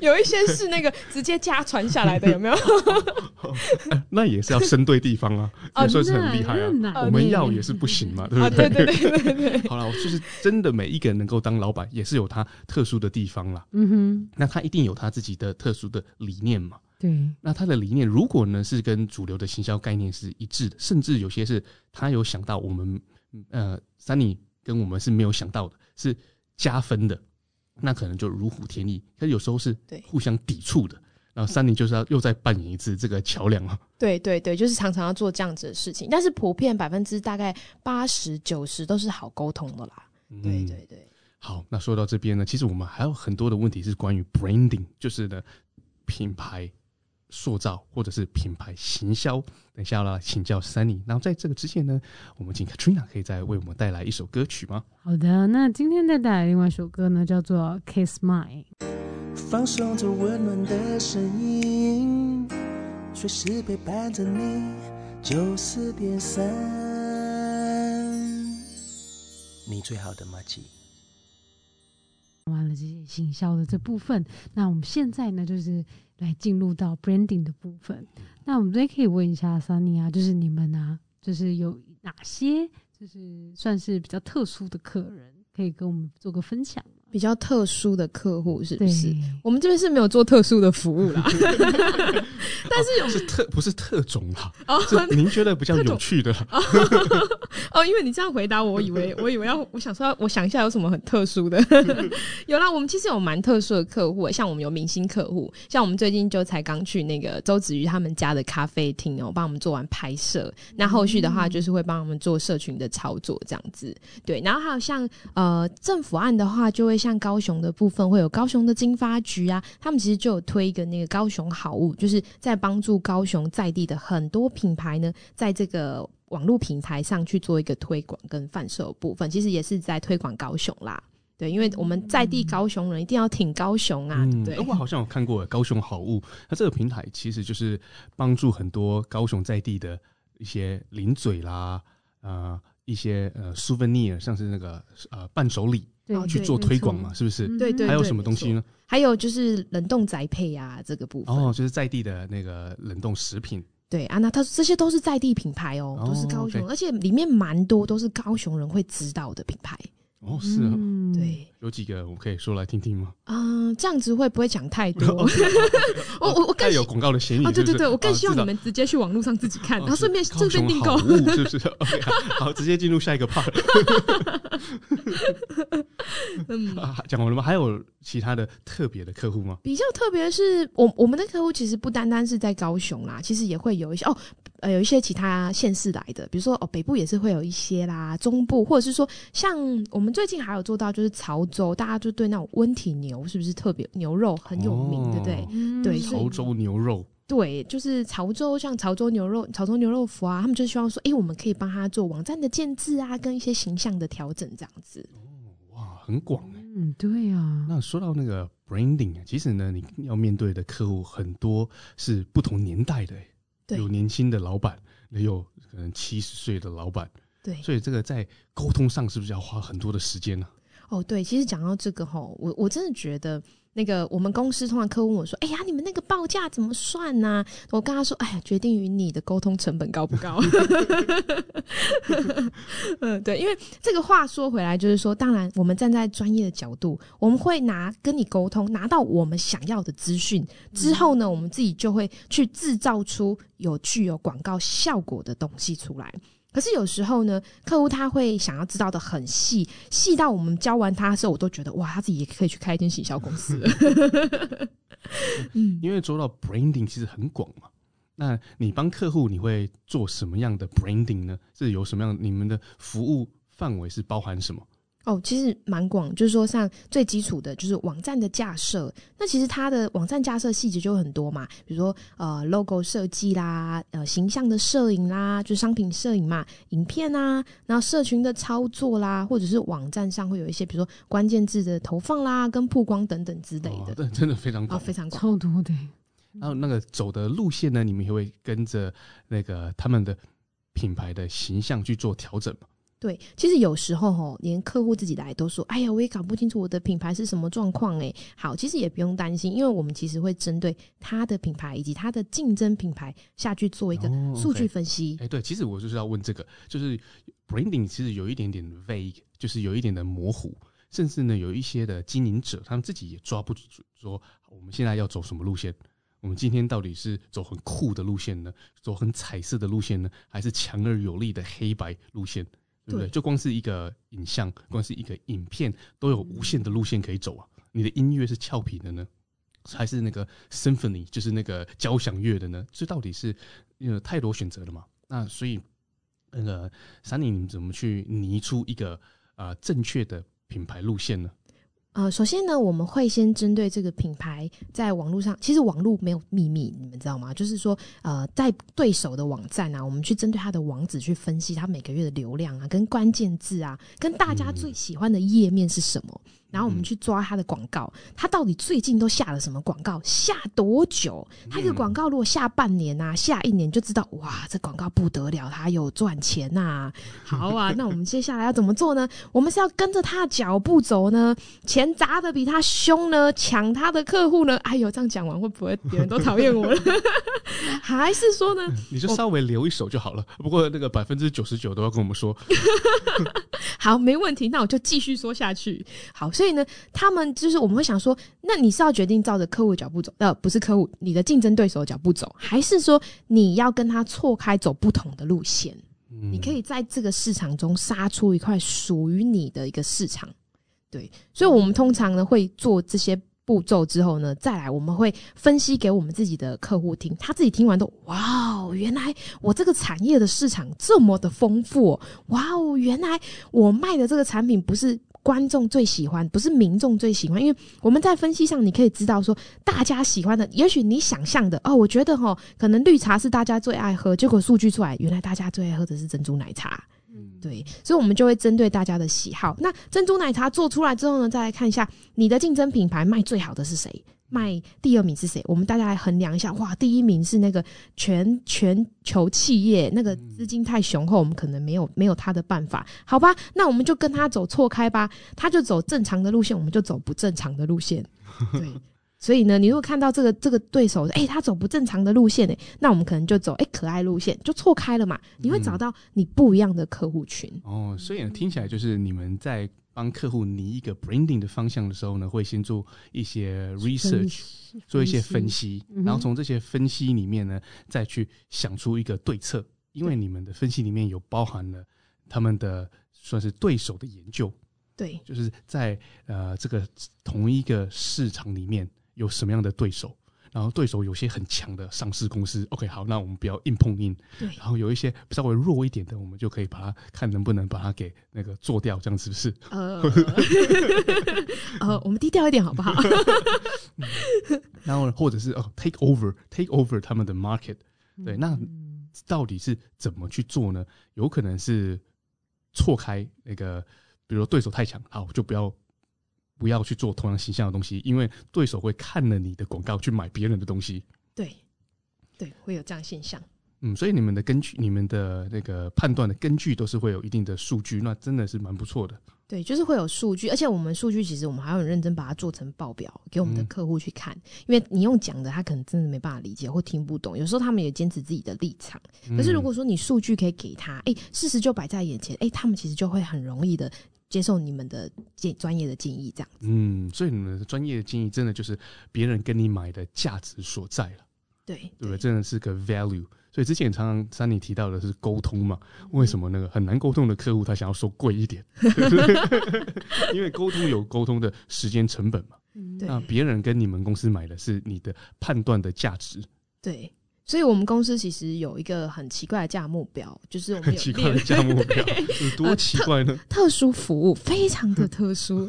S4: 有一些是那個直接家傳下來的，有沒有？
S1: 那也是要生對地方啊，也算是很厲害啊。我們要也是不行嘛，對不對？對對對對。好了，就是真的每一個人能夠當老闆，也是有他特殊的地方啦。嗯
S3: 哼，
S1: 那他一定有他自己的特殊的理念嘛。對，那他的理念如果呢是跟主流的行銷概念是一致的，甚至有些是他有想到我們呃，Sunny 跟我們是沒有想到的，是。加分的，那可能就如虎添翼；可是有時候是互相抵觸的。對然後 Sunny 就是要又再扮演一次這個橋樑、嗯、
S4: 對對對，就是常常要做這樣子的事情。但是普遍百分之大概八十九十都是好溝通的啦。嗯、對對
S1: 對，好。那說到這邊呢，其實我們還有很多的問題是關於 branding，就是呢品牌。塑造，或者是品牌行銷，等一下啦，請教 Sunny。那在這個之前呢，我們請 Katrina 可以再為我們帶來一首歌曲嗎？
S2: 好的，那今天再帶來另外一首歌呢，叫做《Kiss My》。
S1: 放
S2: 行銷的這部分，那我們現在呢，就是來進入到 branding 的部分。那我們這邊可以問一下 Sunny 啊，就是你們啊，就是有哪些就是算是比較特殊的客人，可以跟我們做個分享。比較特殊的客戶是不是？
S4: 對我們這邊是沒有做特殊的服務啦，
S1: 但是有、哦、是特不是特種啦。哦，您覺得比較有趣的
S4: 哦，哦，因為你這樣回答我，我以為我以為要我想說，我想一下有什麼很特殊的。 有啦，我們其實有蠻特殊的客戶，像我們有明星客戶，像我們最近就才剛去那個周子瑜他們家的咖啡廳哦、喔，幫我們做完拍攝，嗯、那後續的話就是會幫我們做社群的操作這樣子。對，然後還有像呃政府案的話，就會。像高雄的部分會有高雄的經發局啊，他們其實就有推一個那個高雄好物，就是在幫助高雄在地的很多品牌呢，在這個網絡平台上去做一個推廣跟販售部分，其實也是在推廣高雄啦。對，因為我們在地高雄人一定要挺高雄啊，對。嗯，呃，我好
S1: 像有看過高雄好物，那這個平台其實就是幫助很多高雄在地的一些零嘴啦，呃，一些呃 souvenir，像是那個呃伴手禮。去做推廣嘛對是不是？對，對對，還有什麼東西呢？
S4: 還有就是冷凍宅配呀、啊，這個部分。
S1: 哦，就是在地的那個冷凍食品。
S4: 對啊，那它這些都是在地品牌哦，哦都是高雄，對而且裡面蠻多都是高雄人會知道的品牌。
S1: 哦，是啊，對，有幾個我可以說來聽聽嗎？
S4: 啊，這樣子會不會講太多？我我
S1: 我更有廣告的嫌疑啊！對對對，我更希望你們
S4: 直接去網絡上自己
S1: 看，然後順便順便訂購，是不是？好，直接進入下一個 part。嗯，講完了嗎？還有其他的特別的客戶嗎？
S4: 比較特別的是，我我們的客戶其實不單單是在高雄啦，其實也會有一些呃，有一些其他縣市來的，比如說哦，北部也是會有一些啦，中部或者是說，像我們最近還有做到就是潮州，大家就對那種溫體牛是不是特別，牛肉很有
S1: 名，對不、哦、對？嗯、對，潮州牛肉，
S4: 對，就是潮州像潮州牛肉、潮州牛肉服啊，他們就希望說，哎、欸，我們可以幫他做網站的建制啊，跟一些形象的調整這樣子。
S1: 哦，哇，很廣哎、欸。嗯，對啊。那說到那個 branding，其實呢，你要面對的客戶很多是不同年代的、欸。有年輕的老闆，也有可能七十歲的老闆。對，對，所以這個在溝通上是不是要花很多的時間呢、啊？
S4: 哦，對，其實講到這個吼，我我真的覺得。那個，我們公司通常客戶問我說：“哎呀，你們那個報價怎麼算呢、啊？”我跟他說：“哎呀，決定於你的溝通成本高不高。” 嗯，對，因為這個話說回來，就是說，當然，我們站在專業的角度，我們會拿跟你溝通，拿到我們想要的資訊之後呢，我們自己就會去製造出有具有廣告效果的東西出來。可是有時候呢，客戶他會想要知道的很細，細到我們教完他的時候，我都覺得哇，他自己也可以去開一間行銷公司了。
S1: 嗯，因為做到 branding 其實很廣嘛，那你幫客戶你會做什麼樣的 branding 呢？是有什麼樣？你們的服務範圍是包含什麼？
S4: 哦，其實蠻廣，就是說像最基礎的就是網站的架設，那其實它的網站架設細節就很多嘛，比如說呃 logo 設計啦，呃形象的攝影啦，就是，商品攝影嘛，影片啦，啊，然後社群的操作啦，或者是網站上會有一些比如說關鍵字的投放啦，跟曝光等等之類的，哦，對，
S1: 真的非常廣，哦，非常
S4: 超多，對，
S1: 然後那個走的路線呢，你們也會跟着那個他們的品牌的形象去做調整嘛。
S4: 對，其實有時候連客戶自己來都說：“哎呀，我也搞不清楚我的品牌是什麼狀況。”哎，好，其實也不用擔心，因為我們其實會針對他的品牌以及他的競爭品牌下去做一個數據分析。哎、Oh, okay.
S1: 欸，對，其實我就是要問這個，就是 branding 其實有一點點 vague，就是有一點的模糊，甚至呢，有一些的經營者他們自己也抓不住說，說我們現在要走什麼路線？我們今天到底是走很酷的路線呢，走很彩色的路線呢，還是強而有力的黑白路線？對不對？就光是一個影像，光是一個影片，都有無限的路線可以走啊。你的音樂是俏皮的呢？還是那個 symphony，就是那個交響樂的呢？這到底是因為太多選擇了嘛？那所以那個 Sunny，你們怎麼去擬出一個啊、呃、正確的品牌路線呢？
S4: 呃，首先呢，我們會先針對這個品牌在網絡上，其實網絡沒有祕密，你們知道嗎？就是說，呃，在對手的網站啊，我們去針對他的網址去分析他每個月的流量啊，跟關鍵字啊，跟大家最喜歡的頁面是什麼。嗯。然後我們去抓他的廣告，嗯、他到底最近都下了什麼廣告？下多久？嗯、他一個廣告如果下半年啊，下一年就知道，哇，這廣告不得了，他有賺錢吶、啊。好啊，那我們接下來要怎麼做呢？ 我們是要跟着他的腳步走呢，錢砸的比他凶呢，搶他的客戶呢？哎呦，這樣講完會不會別人都討厭我了？ 還是說呢？
S1: 你就稍微留一手就好了。我不過那個百分之九十九都要跟我們說。
S4: 好，沒問題，那我就繼續說下去。好，所以呢，他們就是我們會想說，那你是要決定照着客戶的腳步走，呃，不是客戶，你的競爭對手的腳步走，還是說你要跟他錯開走不同的路線？嗯，你可以在這個市場中殺出一塊屬於你的一個市場。對，所以我們通常呢會做這些。步驟之後呢，再來我們會分析，給我們自己的客戶聽，他自己聽完都哇哦，原來我這個產業的市場這麼的豐富哦，哇哦，原來我賣的這個產品不是觀眾最喜歡，不是民眾最喜歡，因為我們在分析上你可以知道說大家喜歡的，也許你想象的，哦，我覺得哦，可能綠茶是大家最愛喝，結果數據出來，原來大家最愛喝的是珍珠奶茶。對，所以，我們就會針對大家的喜好。那珍珠奶茶做出來之後呢，再來看一下你的競爭品牌賣最好的是誰，賣第二名是誰。我們大家來衡量一下，哇，第一名是那個全全球企業，那個資金太雄厚，我們可能沒有沒有他的辦法，好吧？那我們就跟他走錯開吧，他就走正常的路線，我們就走不正常的路線。
S3: 對。
S4: 所以呢，你如果看到這個這個對手，哎、欸，他走不正常的路線，哎，那我們可能就走，哎、欸、可愛路線，就錯開了嘛。你會找到你不一樣的客戶群、
S1: 嗯、哦。所以呢，聽起來就是你們在幫客戶擬一個 branding 的方向的時候呢，會先做一些 research，做一些分析，然後從這些分析裡面呢，嗯哼，再去想出一個對策，因為你們的分析裡面有包含了他們的算是對手的研究，對，就是在呃這個同一個市場裡面。有什麼樣的對手，然後對手有些很強的上市公司，OK，好，那我們不要硬碰硬，對然後有一些稍微弱一點的，我們就可以把它看能不能把它給那個做掉，這樣子是不是？呃，我們低調一點好不好？ 嗯、然後或者是哦、呃、take over，take over 他們的 market、嗯、對，那到底是怎麼去做呢？有可能是錯開那個，比如說對手太強，好，就不要。不要去做同樣形象的東西，因為對手會看了你的廣告去買別人的東西。
S4: 對，對，會有這樣現象。
S1: 嗯，所以你們的根據、你們的那個判斷的根據都是會有一定的數據，那真的是蠻不錯的。
S4: 對，就是會有數據，而且我們數據其實我們還要很認真把它做成報表給我們的客戶去看，嗯、因為你用講的，他可能真的沒辦法理解或聽不懂。有時候他們也堅持自己的立場，可是如果說你數據可以給他，哎、欸，事實就擺在眼前，哎、欸，他們其實就會很容易的。接受你們的建專業的建議，這樣
S1: 子。嗯，所以你們的專業的建議真的就是別人跟你買的價值所在了。對，對，真的是個 value。所以之前常常 Sunny 提到的是溝通嘛？嗯、為什麼那個很難溝通的客戶他想要說貴一點？ 因為溝通有溝通的時間成本嘛。對那別人跟你們公司買的是你的判斷的價值。
S4: 對。所以我們公司其實有一個很奇怪的價目表，就是我們有很奇怪的價目表
S1: 有多奇怪呢？ 嗯、
S4: 特,特殊服務非常的特殊，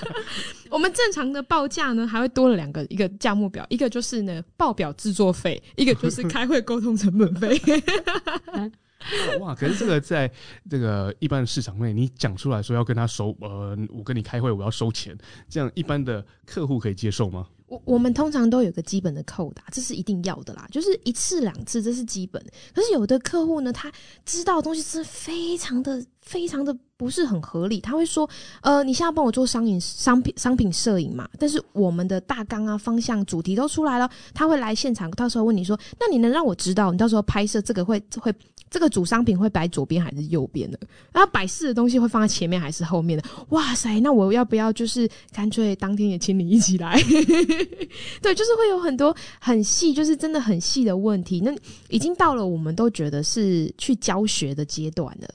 S4: 我們正常的報價呢還會多了兩個，一個價目表，一個就是呢報表制作費，一個就是開會溝通成本費。
S1: 啊、哇！可是這個在這個一般的市場內，你講出來說要跟他收，呃，我跟你開會，我要收錢，這樣一般的客戶可以接受嗎？
S4: 我我們通常都有個基本的扣打、啊，這是一定要的啦，就是一次兩次，這是基本。可是有的客戶呢，他知道的東西是非常的、非常的不是很合理，他會說：“呃，你現在幫我做商影商品商品攝影嘛？”但是我們的大綱啊、方向、主題都出來了，他會來現場，到時候問你說：“那你能讓我知道你到時候拍攝這個會會？”這個主商品會擺左邊還是右邊的？然後擺飾的東西會放在前面還是後面的？哇塞，那我要不要就是乾脆當天也請你一起來？ 對，就是會有很多很細，就是真的很細的問題。那已經到了我們都覺得是去教學的階段了。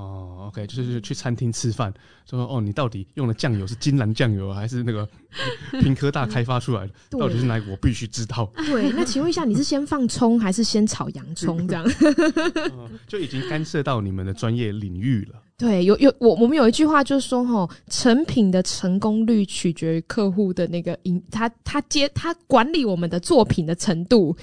S1: 哦、oh,，OK，就是去餐廳吃飯，說哦，你到底用的醬油是金蘭醬油、啊、還是那個
S4: 屏科大開
S1: 發出來的？ 對 到底是哪一個我必須知道。
S4: 對、 欸，那請問一下，你是先放蔥還是先炒洋蔥？這樣
S1: 哦、就已經干涉到你們的專業領域了。
S4: 對，有有我我們有一句話就是說，哈，成品的成功率取決於客戶的那個他他接他管理我們的作品的程度。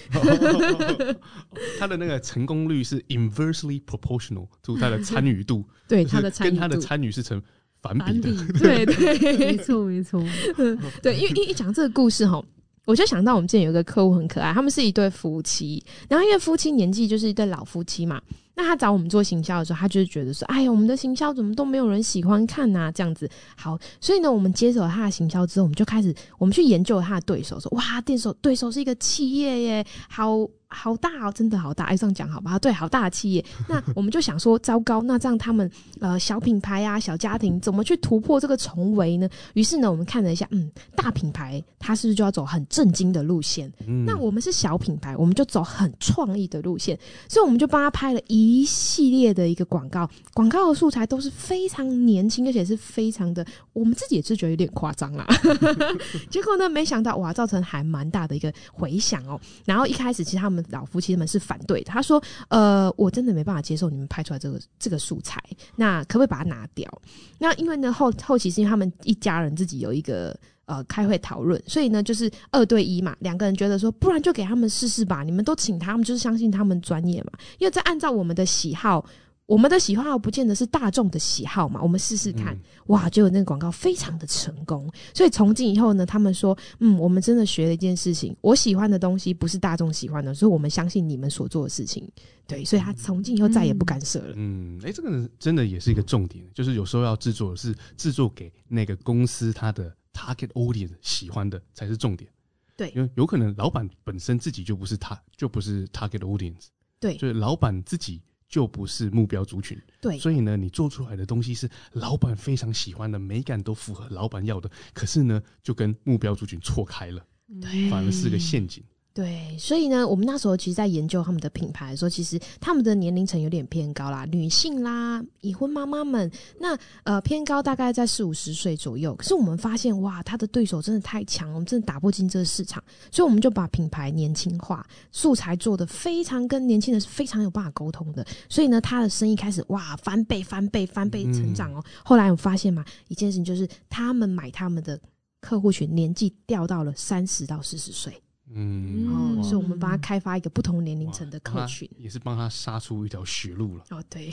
S1: 他的那個成功率是 inversely proportional to 他的參與度，對他的參與度跟他的參與是成反比的。比
S4: 對對， 沒錯沒錯。 對，因為一一講這個故事哈，我就想到我們之前有一個客戶很可愛，他們是一對夫妻，然後因為夫妻年紀就是一對老夫妻嘛。那他找我們做行銷的時候，他就是覺得說，哎呀，我們的行銷怎麼都沒有人喜歡看吶，這樣子。好，所以呢，我們接手他的行銷之後，我們就開始，我們去研究他的對手，說，哇，對手對手是一個企業耶，好。好大哦，喔，真的好大！唉，這樣講好吧？對，好大的企業。那我們就想說，糟糕，那這樣他們呃小品牌啊，小家庭怎麼去突破這個重圍呢？於是呢，我們看了一下，嗯，大品牌他是不是就要走很正經的路線？嗯，那我們是小品牌，我們就走很創意的路線。所以我們就幫他拍了一系列的一個廣告，廣告的素材都是非常年輕，而且是非常的，我們自己也是覺得有點誇張啦。 結果呢，沒想到哇，造成還蠻大的一個回響哦。然後一開始其實他們。他們老夫妻們是反對的，他說：“呃，我真的沒辦法接受你們拍出來這個這個素材，那可不可以把它拿掉？”那因為呢後後期是因為他們一家人自己有一個呃開會討論，所以呢就是二對一嘛，兩個人覺得說，不然就給他們試試吧，你們都請他們，就是相信他們專業嘛，因為在按照我們的喜好。我們的喜好不見得是大眾的喜好嘛，我們試試看，嗯、哇，結果那個廣告非常的成功，所以從今以後呢，他們說，嗯，我們真的學了一件事情，我喜歡的東西不是大眾喜歡的，所以我們相信你們所做的事情，對，所以他從今以後再也不干
S1: 涉了。嗯，嗯，哎、欸，這個真的也是一個重點，就是有時候要制作是制作給那個公司它的 target audience 喜歡的才是重點，對，因為有可能老闆本身自己就不是他，就不是 target audience，對，所以老闆自己。就不是目標族群，對所以呢，你做出來的東西是老板非常喜歡的，美感都符合老板要的，可是呢，就跟目標族群錯開了，對反而是個陷阱。
S4: 對，所以呢，我們那時候其實在研究他們的品牌的時候，說其實他們的年齡層有點偏高啦，女性啦，已婚媽媽們，那呃偏高大概在四五十歲左右。可是我們發現，哇，他的對手真的太強，我們真的打不進這個市場。所以我們就把品牌年輕化，素材做得非常跟年輕人是非常有辦法溝通的。所以呢，他的生意開始哇翻倍、翻倍、翻倍成長哦。後來我發現嘛，一件事情就是他們買他們的客戶群年紀掉到了三十到四十歲。
S1: 嗯，然、哦、哇所以我們幫他
S4: 開發一個不同年齡層的客群，
S1: 也是幫他殺出一條血路了。哦，
S4: 對，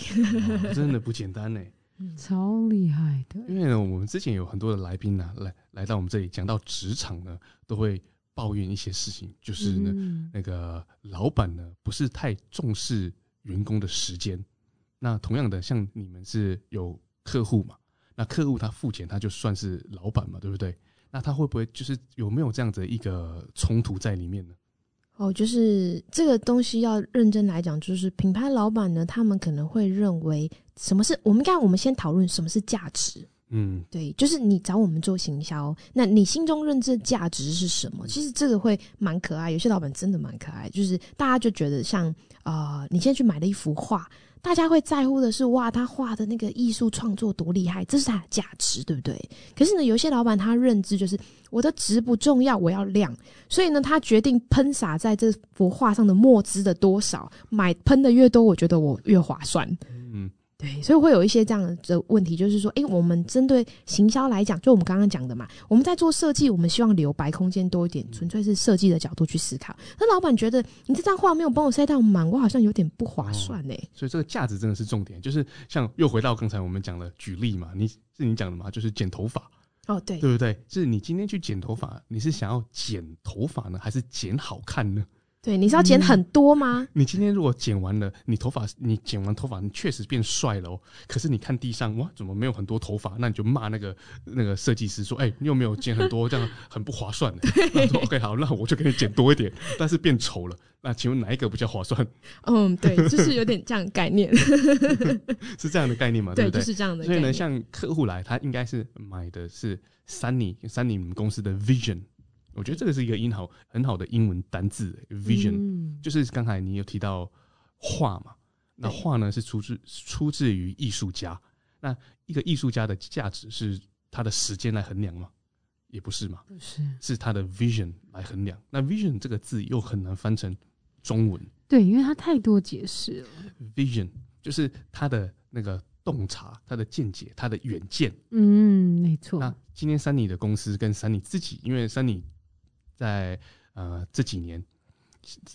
S4: 真的不簡單呢， 超厲
S2: 害
S1: 的。因為呢，我們之前有很多的來賓呢、啊，來來到我們這裡，講到職場呢，都會抱怨一些事情，就是呢，嗯、那個老闆呢，不是太重視員工的時間。那同樣的，像你們是有客戶嘛？那客戶他付錢，他就算是老闆嘛，對不對？那他會不會就是有沒有這樣子一個衝突在裡面呢？哦
S4: ，oh, 就是這個東西要認真來講，就是品牌老闆呢，他們可能會認為，什麼是我們？該我們先討論什麼是價值，嗯，mm. 對，就是你找我們做行銷，那你心中認知的價值是什麼？其實這個會蠻可愛，有些老闆真的蠻可愛，就是大家就覺得像啊、呃，你先去買了一幅畫。大家會在乎的是哇，他畫的那個藝術創作多厲害，這是他的價值，對不對？可是呢，有些老闆他認知就是我的質，不重要，我要量。所以呢，他決定噴灑在這幅畫上的墨汁的多少，買噴的越多，我覺得我越划算。對，所以會有一些這樣的問題，就是說，哎、欸，我們針對行銷來講，就我們剛剛講的嘛，我們在做設計，我們希望留白空間多一點，純粹是設計的角度去思考。那老闆覺得你這張畫沒有幫我塞到滿，我好像有點不划算呢、哦。
S1: 所以這個價值真的是重點，就是像又回到剛才我們講的舉例嘛，你是你講的嘛，就是剪頭髮。
S4: 哦，對，對不
S1: 對？就是你今天去剪頭髮，你是想要剪頭髮呢，還是剪好看呢？對，你是要剪很多嗎你？你今天如果剪完了，你頭髮你剪完頭髮，你確實變帥了哦。可是你看地上哇，怎麼沒有很多頭髮？那你就罵那個那個設計師說：“哎、欸，你有沒有剪很多， 這樣很不划算的。對”然後說：“OK，好，那我就給你剪多一點， 但是變醜了。那請問哪一個比較划算？”
S4: 嗯，um, 對，就是有點這樣概念，
S1: 是這樣的概念嗎對，對，對，就是這樣的概念。所以呢，像客戶來，他應該是買的是 Sunny Sunny 公司的 Vision。我覺得這個是一個很好，很好的英文單字，vision、嗯。就是剛才你有提到畫嘛，那畫呢是出自出自於藝術家，那一個藝術家的價值是他的時間來衡量嗎？也不是嘛，是，是他的 vision 來衡量。那 vision 這個字又很難翻成中文，
S2: 對，因為它太多解
S1: 釋了。vision 就是他的那個洞察、他的見解、他的遠見。嗯，沒錯。那今天 Sunny 的公司跟 Sunny 自己，因為 Sunny。在呃，這幾年，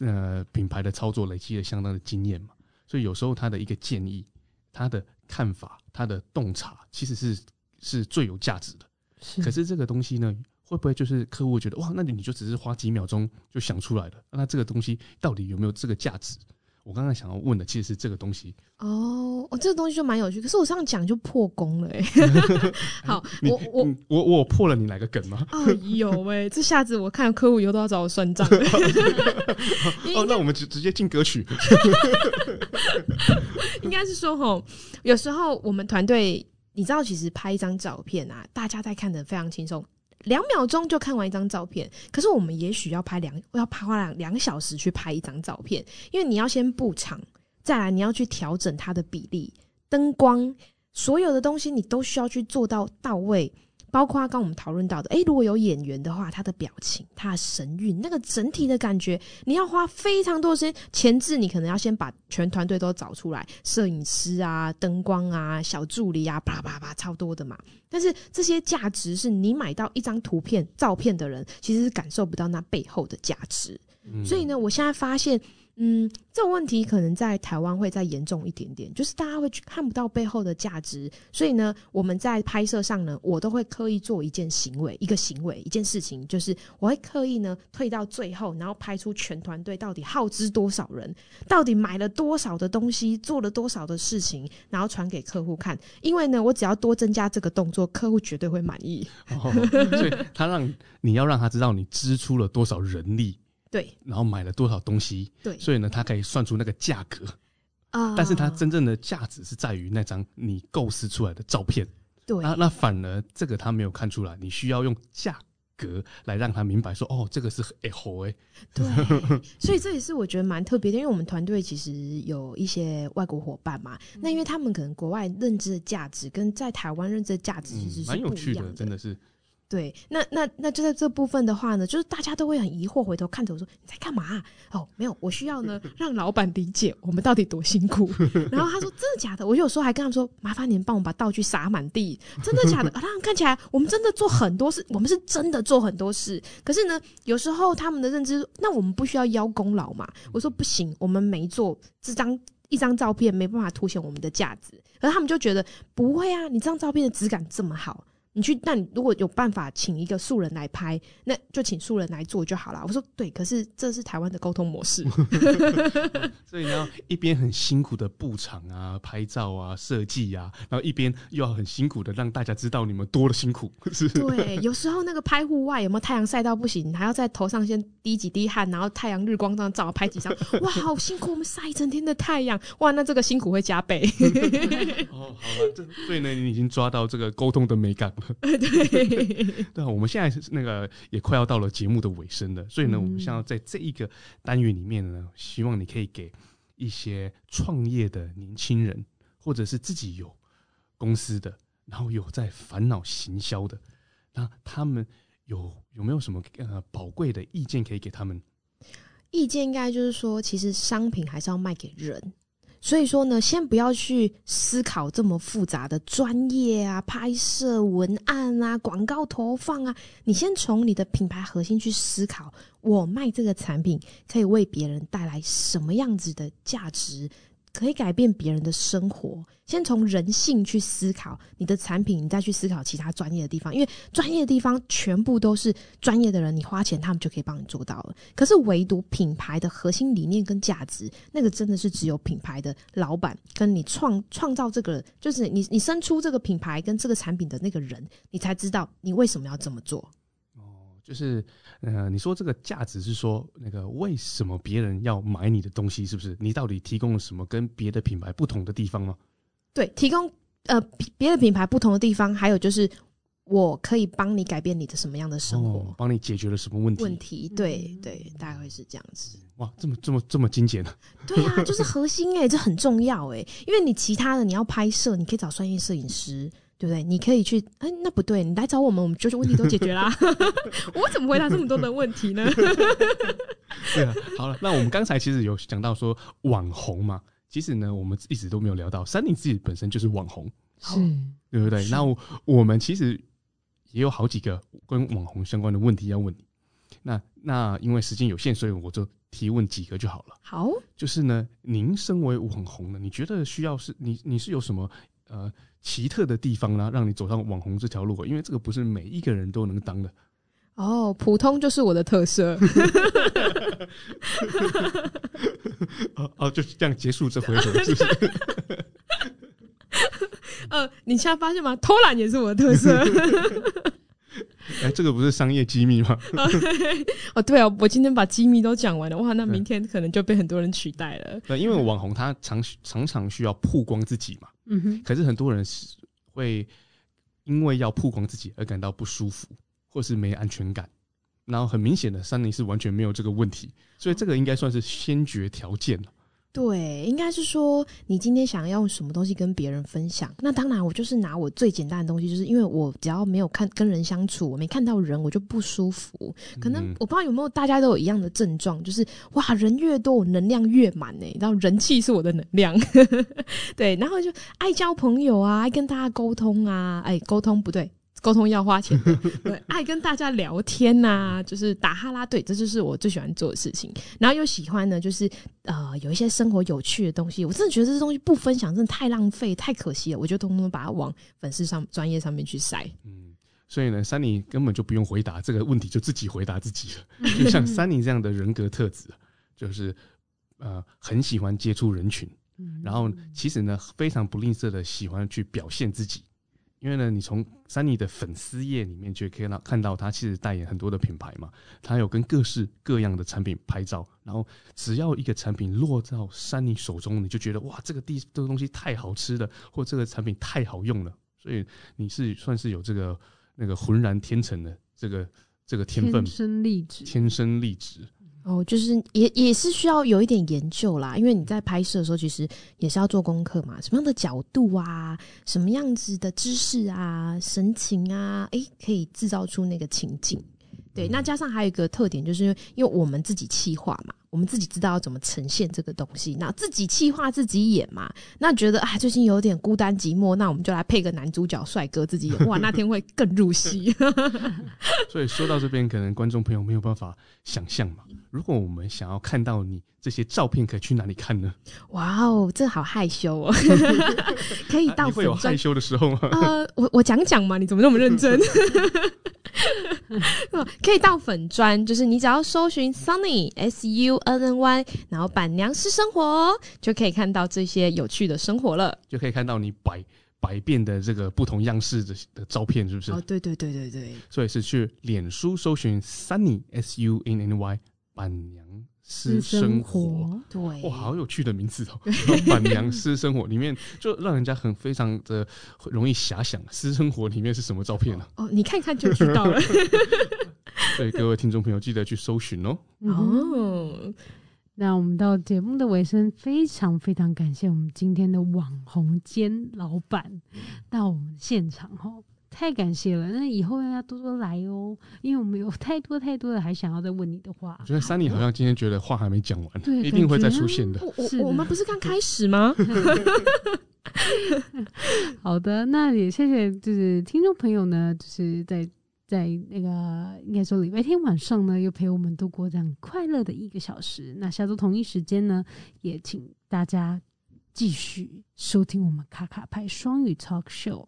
S1: 呃品牌的操作累積了相當的經驗嘛，所以有時候他的一個建議、他的看法、他的洞察，其實是是最有價值的。是。可是這個東西呢，會不會就是客戶覺得哇，那你就只是花幾秒鐘就想出來了？那這個東西到底有沒有這個價值？我剛剛想要問的其實是這個東西
S4: 哦，我、哦、這個東西就蠻有趣，可是我上次講就破功了，欸、 好，你我我你
S1: 我我破了你哪個梗嗎？
S4: 哎、哦、有喂、欸、這下子我看客戶以後都要找我算
S1: 賬。哦，那我們直直接進歌曲，
S4: 應該是說吼，有時候我們團隊，你知道，其實拍一張照片啊，大家在看得非常輕鬆。兩秒鐘就看完一張照片，可是我們也許要拍兩，要拍花兩兩小時去拍一張照片，因為你要先布場，再來你要去調整它的比例、燈光，所有的東西你都需要去做到到位。包括剛剛我們討論到的，誒，如果有演員的話，他的表情、他的神韻，那個整體的感覺，你要花非常多的時間前置，你可能要先把全團隊都找出來，攝影師啊、燈光啊、小助理啊，啪啪啪啪，超多的嘛。但是這些價值是你買到一張圖片、照片的人，其實是感受不到那背後的價值。嗯，所以呢，我現在發現。嗯，這種問題可能在台灣會再嚴重一點點，就是大家會去看不到背後的價值。所以呢，我們在拍攝上呢，我都會刻意做一件行為、一個行為、一件事情，就是我會刻意呢退到最後，然後拍出全團隊到底耗資多少人，到底買了多少的東西，做了多少的事情，然後傳給客戶看。因為呢，我只要多增加這個動作，客戶絕對會滿意。
S1: 哦，所以，他讓 你要讓他知道你支出了多少人力。對，然後買了多少東西？對，所以呢，他可以算出那個價格啊。嗯、但是他真正的價值是在於那張你構思出來的照片。對，那、啊、那反而這個他沒有看出來，你需要用價格來讓他明白說，哦，這個是很好的對，
S4: 所以這也是我覺得蠻特別的，因為我們團隊其實有一些外國夥伴嘛，嗯、那因為他們可能國外認知的價值跟在台灣認知的價值其實是蠻、嗯、有趣的，真的是。對，那那那就在這部分的話呢，就是大家都會很疑惑，回頭看着我說：“你在幹嘛啊？”哦，沒有，我需要呢，讓老闆理解我們到底多辛苦。然後他說：“真的假的？”我有時候還跟他們說：“麻煩您幫我把道具撒滿地。”真的假的？讓他們看起來我們真的做很多事，我們是真的做很多事。可是呢，有時候他們的認知，那我們不需要邀功勞嘛？我說：“不行，我們沒做這張一張照片，沒辦法凸顯我們的價值。”可是他們就覺得：“不會啊，你這張照片的質感這麼好。”你去，那你如果有辦法請一個素人來拍，那就請素人來做就好了。我說對，可是這是台灣的溝通模式 、
S1: 啊，所以你要一邊很辛苦的布場啊、拍照啊、設計啊，然後一邊又要很辛苦的讓大家知道你們多的辛苦，是，對，有
S4: 時候那個拍戶外有沒有太陽曬到不行，還要在頭上先滴幾滴汗，然後太陽日光這樣照拍幾張， 哇，好辛苦，我們曬一整天的太陽，哇，那這個辛苦會加倍。
S1: 哦，好了，所以呢，你已經抓到這個溝通的美感。 對 對啊，我們現在那個也快要到了節目的尾聲了，所以呢，我們想要在這一個單元裡面呢，希望你可以給一些創業的年輕人，或者是自己有公司的，然後有在煩惱行銷的，那他們有有沒有什麼呃寶貴的意見可以給他們？
S4: 意見應該就是說，其實商品還是要賣給人。所以說呢，先不要去思考這麼複雜的專業啊，拍攝文案啊，廣告投放啊。你先從你的品牌核心去思考，我賣這個產品可以為別人帶來什麼樣子的價值。可以改變別人的生活，先從人性去思考你的產品，你再去思考其他專業的地方，因為專業的地方全部都是專業的人，你花錢他們就可以幫你做到了。可是唯獨品牌的核心理念跟價值，那個真的是只有品牌的老闆跟你創創造這個人，就是你你生出這個品牌跟這個產品的那個人，你才知道你為什麼要這麼做。
S1: 就是，呃，你說這個價值是說那個為什麼別人要買你的東西，是不是？你到底提供了什麼跟別的品牌不同的地方嗎？
S4: 對，提供呃別的品牌不同的地方，還有就是我可以幫你改變你的什麼樣的生活，
S1: 哦、幫你解決了什麼問題？問
S4: 題，對對，大概會是這樣子。
S1: 哇，這麼這麼這麼精簡呢？對啊，就是核
S4: 心哎、欸， 這很重要哎、欸，因為你其他的你要拍攝，你可以找專業攝影師。對不對？你可以去，嗯，那不對，你來找我們，我們就有問題都解決啦。 我怎麼回答這麼多的問題呢？
S1: 對了、啊，好了，那我們剛才其實有講到說網紅嘛，其實呢，我們一直都沒有聊到 Sunny 自己本身就是網紅，是，對不對？是那我們其實也有好幾個跟網紅相關的問題要問你。那那因為時間有限，所以我就提問幾個就好了。好，就是呢，您身為網紅呢，你覺得需要是你你是有什麼呃？奇特的地方呢？啊，讓你走上網紅這條路，因為這個不是每一個人都能當的。
S4: 哦，普通就是我的特色。
S1: 哦哦，就是這樣結束這回合的事情。
S4: 不。 呃，你現在發現嗎？偷懶也是我的特色。
S1: 哎，這個不是商業機密嗎？
S4: 哦，oh, oh, 對啊，我今天把機密都講完了，哇，那明天可能就被很多人取代了。
S1: 對，因為網紅他常常常需要曝光自己嘛，mm hmm. 可是很多人是會因為要曝光自己而感到不舒服，或是沒安全感。然後很明顯的，三零 Sunny 是完全沒有這個問題，所以這個應該算是先決條件了。Oh.
S4: 對，應該是說你今天想要用什麼東西跟別人分享？那當然，我就是拿我最簡單的東西，就是因為我只要沒有看跟人相處，我沒看到人，我就不舒服。可能我不知道有沒有大家都有一樣的症狀，就是哇，人越多，我能量越滿哎，你知道，人氣是我的能量。呵呵呵。對，然後就愛交朋友啊，愛跟大家溝通啊，哎、欸，溝通不對。溝通要花錢的 愛跟大家聊天吶、啊，就是打哈拉，對，這就是我最喜歡做的事情。然後又喜歡呢，就是呃，有一些生活有趣的東西，我真的覺得這些東西不分享，真的太浪費，太可惜了。我就通通把它往粉絲上、專業上面去塞。
S1: 嗯，所以呢，Sunny 根本就不用回答這個問題，就自己回答自己了。就像 Sunny 這樣的人格特質， 就是呃，很喜歡接觸人群，然後其實呢，非常不吝嗇的喜歡去表現自己。因為呢，你從 Sunny 的粉絲頁裡面就可以看到她其實代言很多的品牌嘛，她有跟各式各樣的產品拍照，然後只要一個產品落到 Sunny 手中，你就覺得哇，這個地這個東西太好吃了，或這個產品太好用了，所以你是算是有這個那個渾然天成的這個這個天分，天生麗質，天生麗質。
S4: 哦，就是也也是需要有一點研究啦，因為你在拍攝的時候，其實也是要做功課嘛，什麼樣的角度啊，什麼樣子的姿勢啊，神情啊，誒、欸，可以製造出那個情景。對，那加上還有一個特點，就是因為，因為我們自己企劃嘛。我們自己知道要怎麼呈現這個東西，那自己企劃自己演嘛。那覺得啊，最近有點孤單寂寞，那我們就來配個男主角帥哥自己演，哇，那天會更入戲。
S1: 所以說到這邊，可能觀眾朋友沒有辦法想象嘛。如果我們想要看到你。這些照片可以去哪裡看呢？
S4: 哇哦，這好害羞哦！ 可以到粉專、 啊、你會有害羞
S1: 的時候嗎？ 呃、
S4: 我我講講嘛，你怎麼那麼認真？ 可以到粉專，就是你只要搜尋 Sunny S U N N Y，然後闆娘私生活就可以看到這些有趣的生活了，
S1: 就可以看到你百百變的這個不同樣式的的照片，是不是？哦，對
S4: 對對對對，對。
S1: 所以是去臉書搜尋 Sunny S U N N Y 闆娘。私生，私生活，對，哇，好有趣的名字哦！老對闆娘私生活裡面就讓人家很非常的容易遐想。私生活裡面是什麼照片呢？哦，你看看就知道了。所以 各位聽眾朋友，記得去搜尋哦。哦，
S2: 那我們到節目的尾聲，非常非常感謝我們今天的網紅兼老闆到我們現場哈、哦。太感謝了，那以後要多多來哦、喔，因為我們有太多太多的還想要再問你的話。我覺得
S1: Sunny 好像今天覺得話還沒講完、啊，對，一定會再出現的。
S4: 我的我們不是剛開
S2: 始嗎？好的，那也謝謝，就是聽眾朋友呢，就是在在那個應該說禮拜天晚上呢，又陪我們度過這樣快樂的一個小時。那下周同一時間呢，也請大家繼續收聽我們卡卡派雙語 talk show。